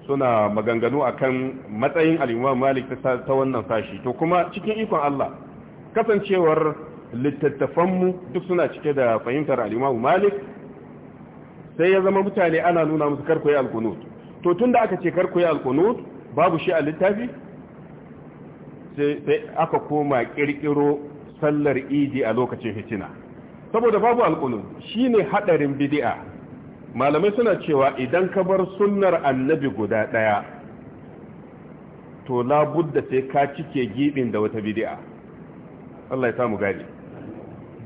[SPEAKER 1] suna maganganu akan matsayin al-imam malik ta wannan sashi to kuma cikin ikon Allah kasancewar littattafanmu duk suna cike da fahimtar al-imam malik sai ya zama mutane ana nuna musu karkoyi al-qunut to tunda aka ce karkoyi al-qunut babu shi a littafi sai aka koma kirkiro sallar idi a lokacin fitina saboda babu alƙulun shine hadarin bidi'a malamai suna cewa idan ka bar sunnar annabi guda daya to labudda sai ka cike gibin da wata bid'a Allah ya samu gari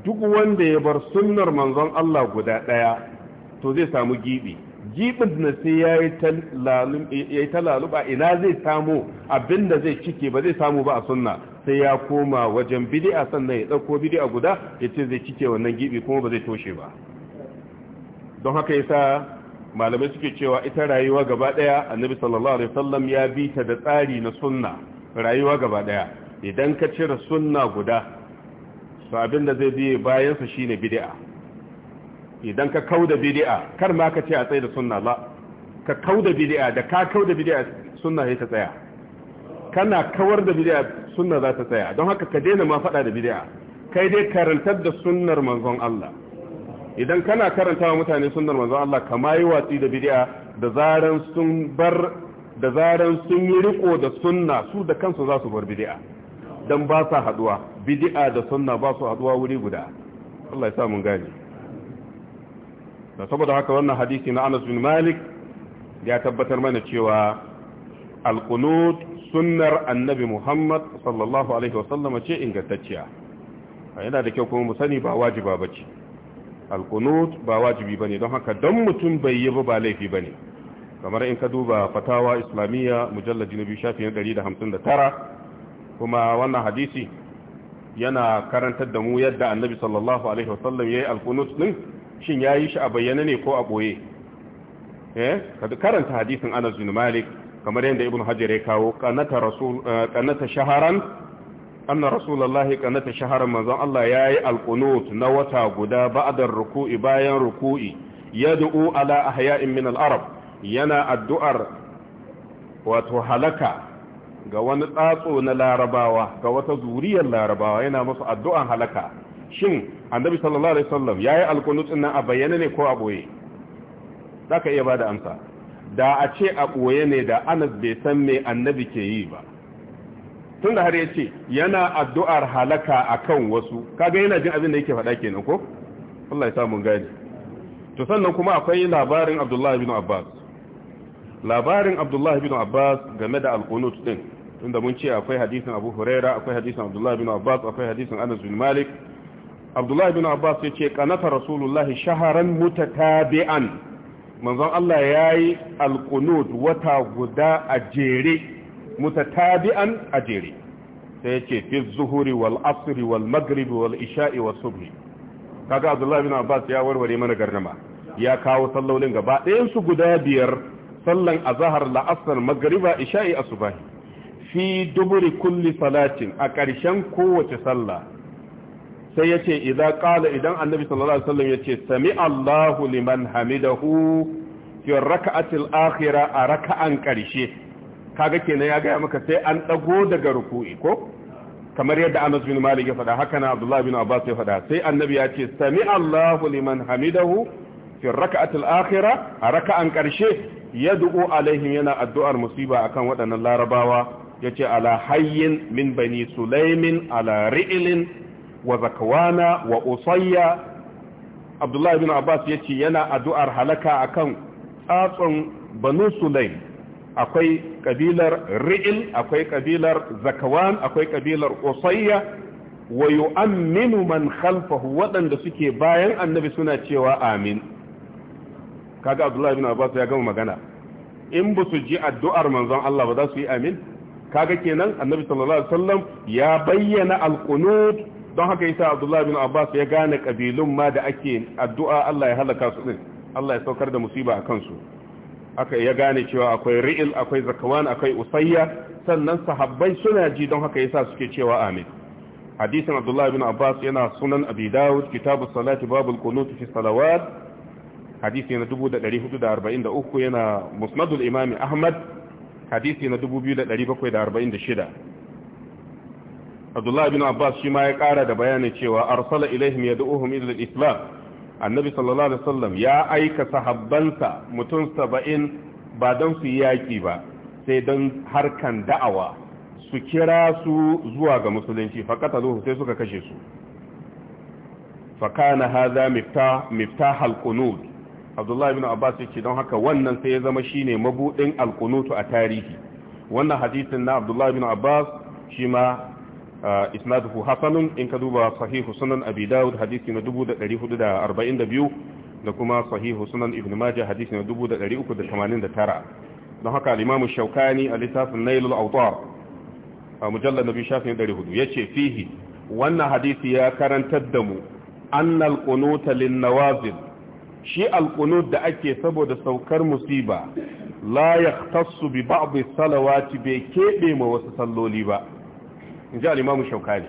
[SPEAKER 1] duk wanda ya bar sunnar manzon Allah guda daya to zai samu gibi jibin na sai ya yi ta laluba ina zai samu abin da zai cike ba zai samu ba a sunna sai ya koma wajen bidi'a sannan ya ɗauko bidi'a guda ya ce zai cike wannan gibi kuma ba zai toshe ba don haka yasa malamai suke cewa ita rayuwa gaba ɗaya annabi sallallahu alaihi wasallam ya bi ta da tsari na sunna rayuwa gaba ɗaya idan ka cire sunna guda to abin da zai biye bayansa shine bid'a idan ka kau da bidi'a, kar ma ka ce a tsaye da sunna la ka kau da bidi'a da ka kau da bidi'a sunna sai ta tsaya kana kawar da bidi'a sunna za ta tsaya don haka ka daina ma faɗa da bidi'a kai dai karantar da sunnar manzon Allah idan kana karanta wa mutane sunnar manzon Allah kama yi watsi da bidi'a da zaran sun bar da zaran sun yi riko da sunna su da kansu za su bar bidi'a dan ba sa haduwa bidi'a da sunna ba su haduwa wuri guda Allah ya sa mun gane saboda haka wannan hadisi na Anas bin Malik ya tabbatar mana cewa alqunut sunnar annabi Muhammad sallallahu alaihi wasallam ce ingantacciya yana da kyau kuma mu sani ba wajiba bace alqunut ba wajibi bane don haka dan mutum bai yi ba laifi bane kamar in ka duba fatawa islamiyya mujalladi na biyu shafi 159 kuma wannan hadisi yana karantar da mu yadda annabi sallallahu alaihi wasallam yayi alqunut din shin ya yi shi a bayyana ne ko a ɓoye eh, karanta hadisin anas bin malik kamar yadda ibn hajar ya kawo kanata eh, shaharan anna rasulullahi kanata shaharan manzon Allah yi alkunut na wata guda ba'adar ruku'i bayan ruku'i yad'u ala ahya'in min al-arab yana addu'ar wato halaka ga wani tsatso na larabawa ga wata zuriyar larabawa yana musu addu'an halaka shin annabi sallallahu alaihi wasallam yayi alqunut nan a bayyane ne ko a boye zaka iya bada amsa da a ce a boye ne da Anas bai san me annabi ke yi ba tunda har yace yana addu'ar halaka akan wasu kaga yana jin abin da yake faɗa kenan ko Allah ya samu gani to sannan kuma akwai labarin Abdullah ibn Abbas labarin Abdullah ibn Abbas game da alqunut din tunda mun ce akwai hadisin Abu Huraira akwai hadisin Abdullah ibn Abbas akwai hadisin Anas bin Malik abdullah bin abbas ya ce kanata rasulullahi shaharan mutatabi'an manzon Allah ya yi alkunud wata guda a jere mutatabi'an a jere sai ya ce fi zuhuri wal asri wal magribi wal isha'i subhi kaga abdullahi bin abbas ya warware mana garnama ya kawo sallolin gaba ɗayan su guda biyar sallan azhar la'asar magriba isha'i asubahi fi duburi kulli salatin a ƙarshen kowace sallah sai ya ce idan idan annabi sallallahu alaihi wasallam ya ce sami Allahu liman hamidahu fi raka'atil akhira a raka'an karshe kaga kenan ya gaya maka sai an ɗago daga ruku'i ko kamar yadda Anas bin Malik ya faɗa haka na Abdullah bin Abbas ya faɗa sai annabi ya ce sami Allahu liman hamidahu fi raka'atil akhira a raka'an karshe yad'u alaihim yana addu'ar musiba akan waɗannan larabawa yace ala hayyin min bani sulaimin ala ri'lin wa Zakawana wa usayya abdullahi bin abbas ya ce yana addu'ar halaka akan tsatson banu sulaim akwai ƙabilar ri'il akwai kabilar zakawan akwai kabilar usayya wa yu'amminu man khalfahu waɗanda suke bayan annabi suna cewa amin kaga abdullahi bin abbas ya gama magana in ba su ji addu'ar manzon Allah ba za su yi amin kaga kenan annabi sallallahu alaihi wasallam ya bayyana alqunut don haka yasa Abdullahi bin Abbas ya gane kabilun ma da ake addu'a Allah ya halaka su din Allah ya saukar da musiba akan su aka ya gane cewa akwai ri'il akwai zakawan akwai usayya sannan sahabbai suna ji don haka yasa suke cewa amin hadisin Abdullahi bin Abbas yana sunan Abi Dawud kitabus salati babul qunut fi salawat hadisi na 1443 yana musnadul imami Ahmad hadisi na 2746 abdullahi bin abbas shi ma ya kara da bayanin cewa arsala ilaihim ya ila al-islam annabi sallallahu alaihi wasallam ya aika sahabbansa mutum saba'in ba don su yaƙi ba sai don harkan da'awa su kira su zuwa ga musulunci faqataluhu sai suka kashe su fakana hadha miftah miftah al-qunut bin abbas yake don haka wannan sai ya zama shine mabudin al a tarihi wannan hadisin na abdullahi bin abbas shi ma isnaduhu hasanun in ka duba sahihu sunan abi daud hadisi na 442 da kuma sahihu sunan ibn majah hadisi na 389 don haka al-imam shaukani a littafin nailul Autar a mujallar nabi shafin 400 ce fihi wannan hadisi ya karantar da mu annal qunuta lin nawazil shi alqunut da ake saboda saukar musiba la yaqtassu bi ba'd salawati bi kebe ma wasu salloli ba in ji alimamu shaukani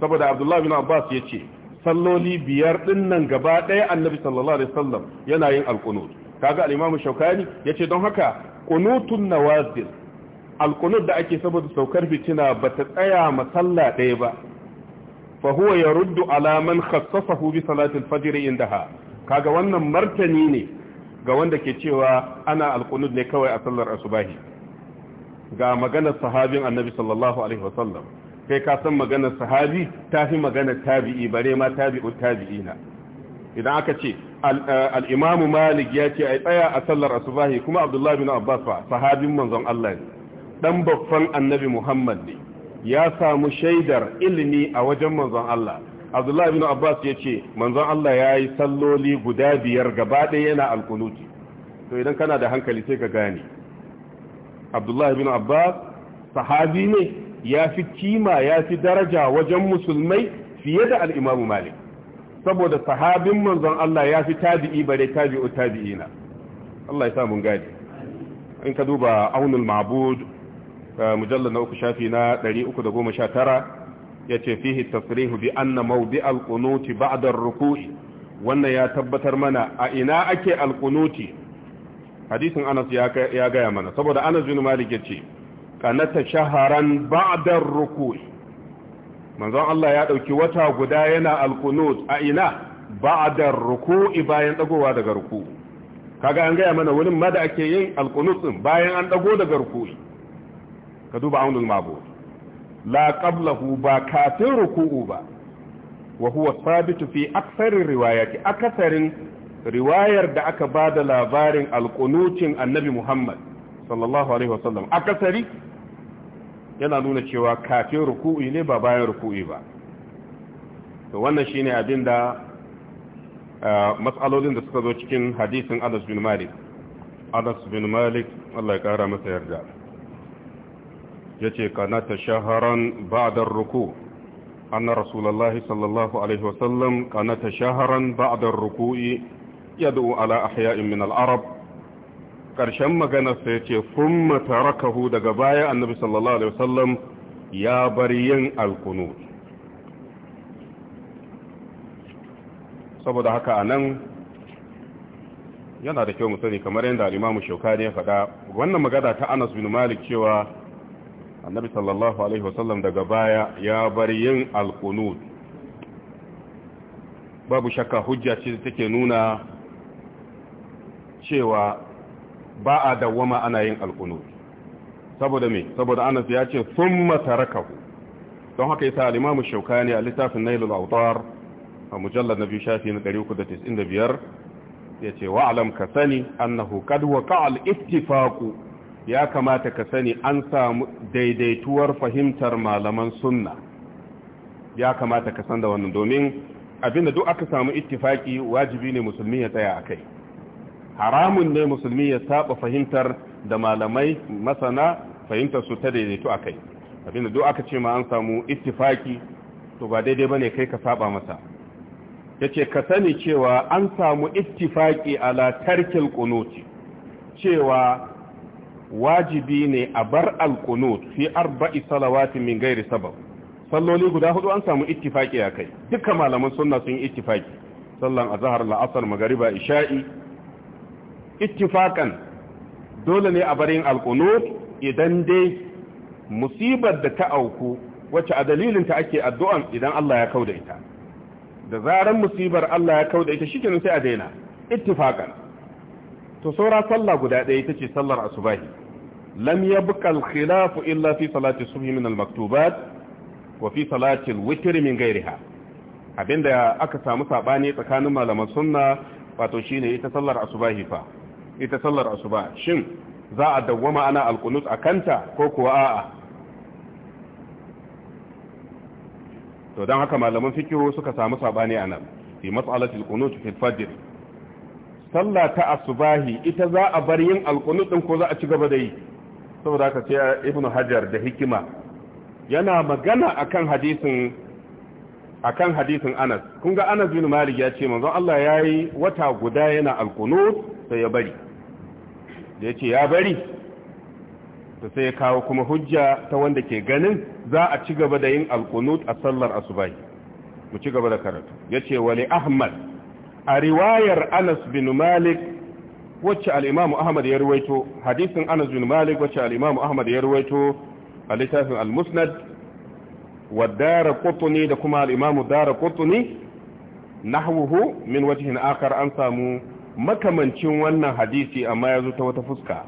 [SPEAKER 1] saboda abdullahi bin abbas ya ce salloli biyar din nan gaba ɗaya annabi sallallahu alaihi wasallam yana yin alkunut kaga alimamu shaukani ya ce don haka ƙunutun nawazil alkunut da ake saboda saukar fitina ba ta tsaya masalla ɗaya ba fa huwa yaruddu ala man khassasahu bi salati fajr indaha kaga wannan martani ne ga wanda ke cewa ana alkunud ne kawai a sallar asubahi ga maganar sahabin annabi sallallahu alaihi wasallam kai ka san maganar sahabi ta fi maganar tabi'i bare ma tabi'u tabi'ina idan aka ce eh, al'imamu malik ya ce a tsaya a sallar asubahi kuma abdullahi bin abbas ba sahabin manzon allah ne dan babban annabi muhammad ne ya samu shaidar ilimi a wajen manzon allah abdullahi bin abbas ya ce manzon allah ya yi salloli guda biyar gaba ɗaya yana alkunuti to idan kana da hankali sai ka gane abdullahi bin abbas sahabi ne ya fi kima ya fi daraja wajen musulmai fiye da al'imamu malik saboda sahabin manzon Allah ya fi tabi'i bare tabi'u tabi'ina Allah ya samun gadi in ka duba aunul ma'bud eh, mujallar na uku shafi na 319 ya ce fihi tasrihu bi anna mawdi alqunuti ba'da ar-ruku'i wannan ya tabbatar mana a ina ake alqunuti hadisin Anas ya gaya mana saboda Anas bin Malik ya ce kanata shaharan ba'dar ruku'i manzon Allah ya dauki wata guda yana alqunut a ina ba'dar ruku'i bayan dagowa daga ruku'u kaga an gaya mana wurin ma da ake yin alqunut bayan an dago daga ruku'i ka duba aunul mabud la qablahu ba kafin ruku'u ba wa huwa sabitu fi aksari riwayati akasarin riwayar da aka ba da labarin alƙunucin annabi Muhammad sallallahu Alaihi wasallam akasari yana nuna cewa kafin ruku'i ne ba bayan ruku'i ba to wannan shine abin da eh, matsalolin da suka zo cikin hadisin Anas bin Malik Anas bin Malik Allah ya kara masa yarda yace kana tashaharan ba'da ruku anna rasulullahi sallallahu alaihi wasallam kana tashaharan ba'da ruku'i yad'u ala ahya'in min al-arab ƙarshen maganarsa sai ce fun matarakahu daga baya annabi sallallahu alaihi wasallam ya bar yin alkunu saboda haka a nan yana da kyau mu sani kamar yadda alimamu shaukani ya faɗa wannan magana ta anas bin malik cewa annabi sallallahu alaihi wasallam daga baya ya bar yin alkunu babu shakka hujja ce take nuna cewa ba a dawwama ana yin alqunut saboda me saboda Anas ya ce thumma tarakahu don haka yasa al-Imam ne a littafin Nailul Autar a mujallar na biyu shafi na 395 yace wa'lam ka sani annahu qad waqa'a al-ittifaq ya kamata ka sani an samu daidaituwar fahimtar malaman sunna ya kamata ka san da wannan domin abinda duk aka samu ittifaki wajibi ne musulmi ya tsaya a kai. haramun ne musulmi ya saba fahimtar da malamai masana fahimtar su ta daidaito a kai abinda duk aka ce ma an samu istifaki to ba daidai ba ne kai ka saba masa yace ka sani cewa an samu istifaki a tarkil qunuti cewa wajibi ne a bar alqunut fi arba'i salawati min ghairi sabab salloli guda hudu an samu a kai duka malaman sunna sun yi ittifaki sallan azhar la'asar magariba isha'i ittifakan dole ne a barin alqunut idan dai musibar da ta auku wacce a dalilin ta ake addu'an idan Allah ya kauda ita da zaren musibar Allah ya kauda ita shikenan sai a daina ittifakan to saura sallah guda ɗaya ita ce sallar asubahi lam yabqa al-khilaf illa fi salati subhi min al-maktubat wa fi salati al-witr min ghayriha abinda aka samu sabani tsakanin malaman sunna wato shine ita sallar asubahi fa ita sallar asuba shin za a dawwama ana alkunus a kanta ko kuwa a'a to don haka malaman fikihu suka samu sabani a nan fi mas'alatil qunut fi fajr sallah ta asubahi ita za a bar yin alkunus din ko za a ci gaba da yi saboda haka sai ibnu hajar da hikima yana magana akan hadisin akan hadisin Anas kun ga Anas bin Malik ya ce manzon Allah yayi wata guda yana alkunut sai ya bari da ya ce ya bari to sai ya kawo kuma hujja ta wanda ke ganin za a ci gaba da yin alkunut a sallar asubai mu ci gaba da karatu ya ce wale ahmad a riwayar anas bin malik wacce al'imamu ahmad ya ruwaito hadisin anas bin malik wacce al'imamu ahmad ya ruwaito a littafin al-musnad wa dara kotuni da kuma al'imamu dara kotuni nahwuhu min wajihin akar an samu makamancin wannan hadisi amma ya zo ta wata fuska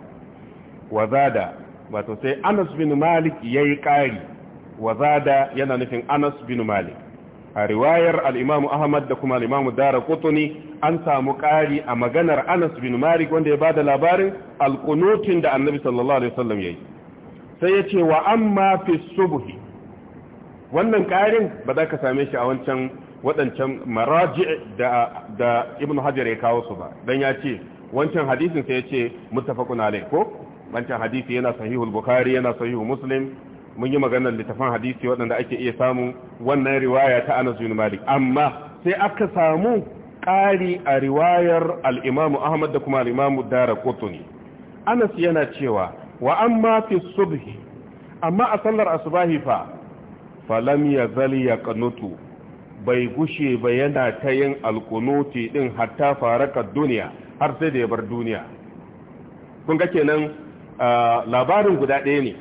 [SPEAKER 1] wazada wato sai anas bin malik ya yi ƙari wazada yana nufin anas bin malik a riwayar al'imamu ahmad da kuma al'imamu dara kotuni an samu ƙari a maganar anas bin malik wanda ya ba da labarin alkunutin da annabi sallallahu alaihi wasallam ya yi sai ya ce wa an mafi subuhi wannan ƙarin ba za ka same shi a wancan waɗancan maraji da ibn hajar ya kawo su ba dan ya ce wancan hadisin sai ya ce mutafakun alai ko wancan hadisi yana sahihul bukhari yana sahihu muslim mun yi maganar littafan hadisi waɗanda ake iya samu wannan riwaya ta anas bin malik amma sai aka samu ƙari a riwayar al'imamu ahmad da kuma al'imamu dara kotuni anas yana cewa wa amma fi subhi amma a sallar asubahi fa falam ya zali ya kanutu bai gushe ba yana ta yin alkunuti din hatta farakar duniya har sai da ya bar duniya kun ga kenan labarin guda ɗaya ne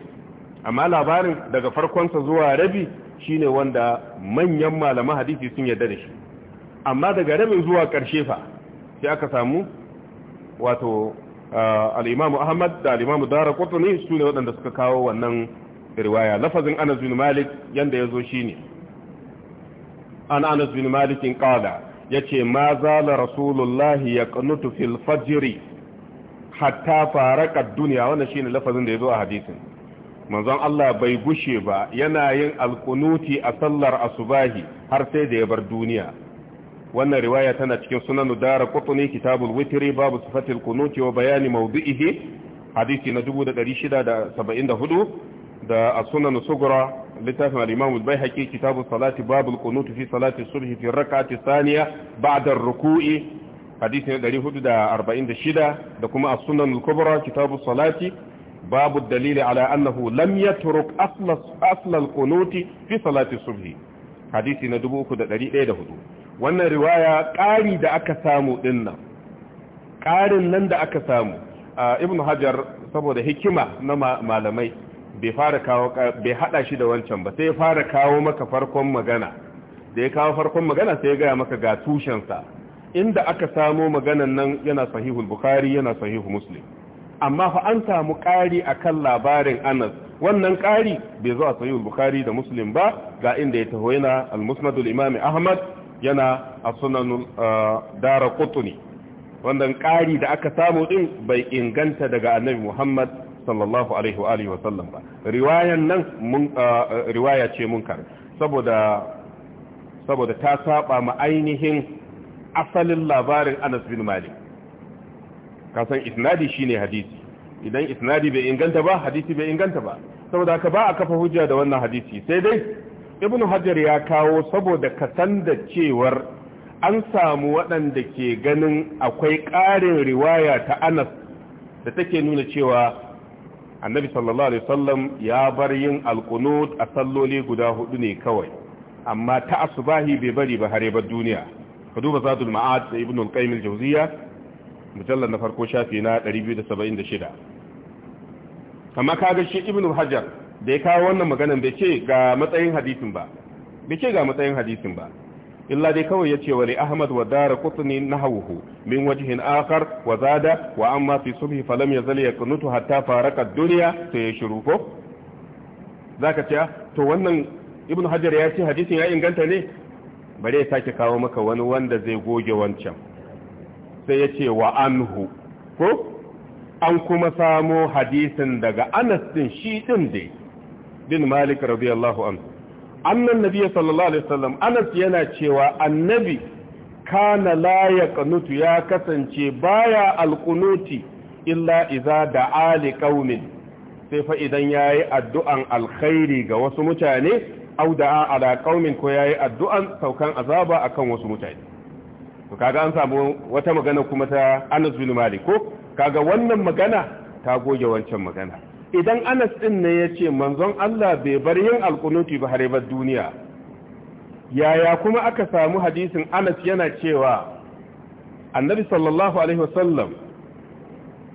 [SPEAKER 1] amma labarin daga farkonsa zuwa rabi shine wanda manyan malaman hadisi sun yarda da shi amma daga rabin zuwa ƙarshe fa sai aka samu wato al'imamu ahmad da al'imamu dara kotuni su ne waɗanda suka kawo wannan riwaya lafazin anas bin malik yanda ya zo shi ne an anas bin malikin qala yace ma zala rasulullahi yaqnutu fil fajiri hatta farakar duniya dunya wannan shine lafazin da zo a hadisin manzon Allah bai gushe ba yana yin alkunuti a sallar asubahi har sai da ya bar duniya wannan riwaya tana cikin sunan dara qutni kitabul witri babu sifatil kunuti wa bayani mawdi'ihi hadisi na 1674 da as-sunan sughra littafin al-Imam al-Baihaqi kitabu salati babul qunut fi salati subh fi rak'ati thaniya ba'da ar-ruku'i hadisi 446 da kuma as-sunan al-kubra kitabu salati babu dalili ala annahu lam yatruk asla asla al fi salati subh hadisi na 3104 wannan riwaya ƙari da aka samu ɗinnan ƙarin nan da aka samu ibn hajar saboda hikima na malamai bai fara kawo bai hada shi da wancan ba sai ya fara kawo maka farkon magana da ya kawo farkon magana sai ya gaya maka ga tushensa inda aka samo maganan nan yana sahihul bukhari yana sahihu muslim amma fa an samu ƙari akan labarin anas wannan kari bai zo a sahihul bukhari da muslim ba ga inda ya taho yana al-musnadul imami ahmad yana as-sunanul uh, daraqutni wannan ƙari da aka samu din bai inganta daga annabi muhammad sallallahu alaihi wa alihi wa sallam ba riwayan nan mun riwaya ce munkar saboda saboda ta saba ma ainihin asalin labarin Anas bin Malik kasan isnadi shine hadisi idan isnadi bai inganta ba hadisi bai inganta ba saboda ka ba a kafa hujja da wannan hadisi sai dai Ibn hajar ya kawo saboda ka san da cewar an samu waɗanda ke ganin akwai ƙarin riwaya ta anas da take nuna cewa annabi sallallahu alaihi wasallam ya bar yin alqunut a salloli guda hudu ne kawai amma ta asubahi bai bari ba har ba duniya ka duba zadul ma'ad da ibnu al-qayyim al jawziya mujallal na farko shafi na 276 amma kaga shi ibnu hajar da ya kawo wannan maganan bai ce ga matsayin hadisin ba bai ce ga matsayin hadisin ba illa dai kawai yace wa li ahmad wa dara qutni nahwuhu min wajhin akhar wa zada wa amma fi subhi falam yazal yaqnutu hatta faraka ad-dunya to ya shiru ko zaka ce ah, to wannan ibnu hajar ya ce hadisin ya inganta ne bare ya sake kawo maka wani wanda zai goge wancan sai ya ce wa anhu ko an kuma samo hadisin daga anas din shi din dai bin malik radiyallahu anhu annan nabiya sallallahu alaihi wasallam anas yana cewa annabi kana la yaqnutu ya kasance baya alqunuti illa idza da'a li qaumin sai fa idan yayi addu'an alkhairi ga wasu mutane au da'a ala qaumin ko yayi addu'an saukan azaba akan wasu mutane to kaga an samu wata magana kuma ta Anas bin Malik ko kaga wannan magana ta goge wancan magana idan anas ɗin ne ya ce manzon Allah bai bar yin alkunuti ba har bar duniya yaya kuma aka samu hadisin anas yana cewa annabi sallallahu alaihi wasallam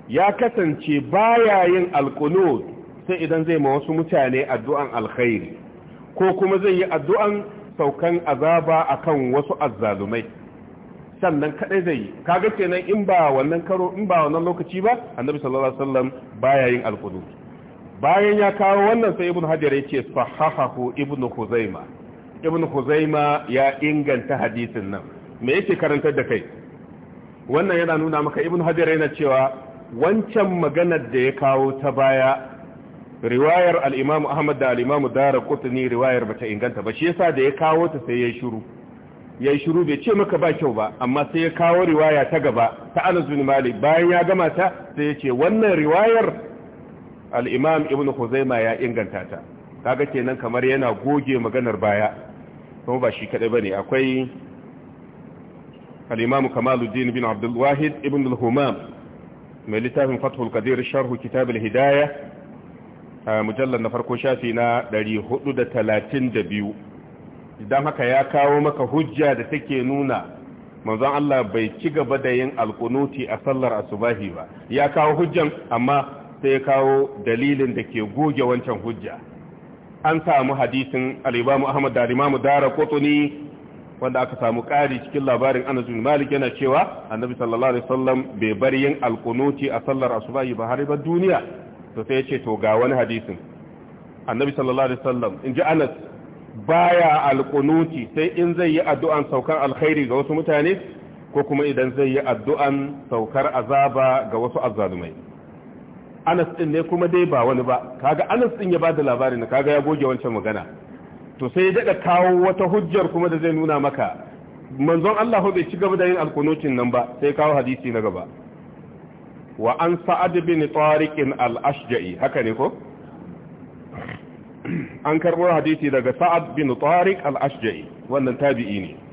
[SPEAKER 1] ya kasance baya yin alkunut sai idan zai ma wasu mutane addu'an alkhairi ko kuma zai yi addu'an saukan azaba akan wasu azzalumai sannan kadai zai yi kaga kenan in ba wannan karo in ba wannan lokaci ba annabi sallallahu alaihi wasallam baya yin alkunut bayan ya kawo wannan sai ibn hajar ya ce sahahahu ibn huzaima ibn huzaima ya inganta hadisin nan me yake karantar da kai wannan yana nuna maka ibn hajar yana cewa wancan maganar da ya kawo ta baya riwayar al-imam ahmad da al Dara daraqutni riwayar bata inganta ba shi yasa da ya kawo ta sai ya shiru ya shiru bai ce maka ba kyau ba amma sai ya kawo riwaya ta gaba ta anas bin malik bayan ya gama ta sai ya ce wannan riwayar al ibn ibnu khuzaima ya inganta ta kaga kenan kamar yana goge maganar baya kuma ba shi kadai ne akwai alimam kamaluddin bin abdul ibn al-humam mai littafin fatihul kadir sharhu kitab al a mujallar na farko shafi na 432 idan haka ya kawo maka hujja da take nuna manzon Allah bai ci gaba da yin alkunuti a sallar asubahi ba ya kawo hujjan amma sai ya kawo dalilin da ke goge wancan hujja an samu hadisin alibamu Ahmad da dara Daraqutni wanda aka samu ƙari cikin labarin Anas bin Malik yana cewa Annabi sallallahu alaihi wasallam bai bar yin alqunuti a sallar asubahi ba har ba duniya to sai ya ce to ga wani hadisin Annabi sallallahu alaihi wasallam in ji Anas baya alqunuti sai in zai yi addu'an saukar alkhairi ga wasu mutane ko kuma idan zai yi addu'an saukar azaba ga wasu azzalumai anas ɗin ne kuma dai ba wani ba kaga anas ɗin ya bada labarin kaga ya goge wancan magana to sai ya daga kawo wata hujjar kuma da zai nuna maka manzon Allah bai ci gaba da yin alkunutin nan ba sai kawo hadisi na gaba wa an sa'ad bin tariq al-ashja'i haka ne ko an karbo hadisi daga sa'ad bin tariq al-ashja'i wannan tabi'i ne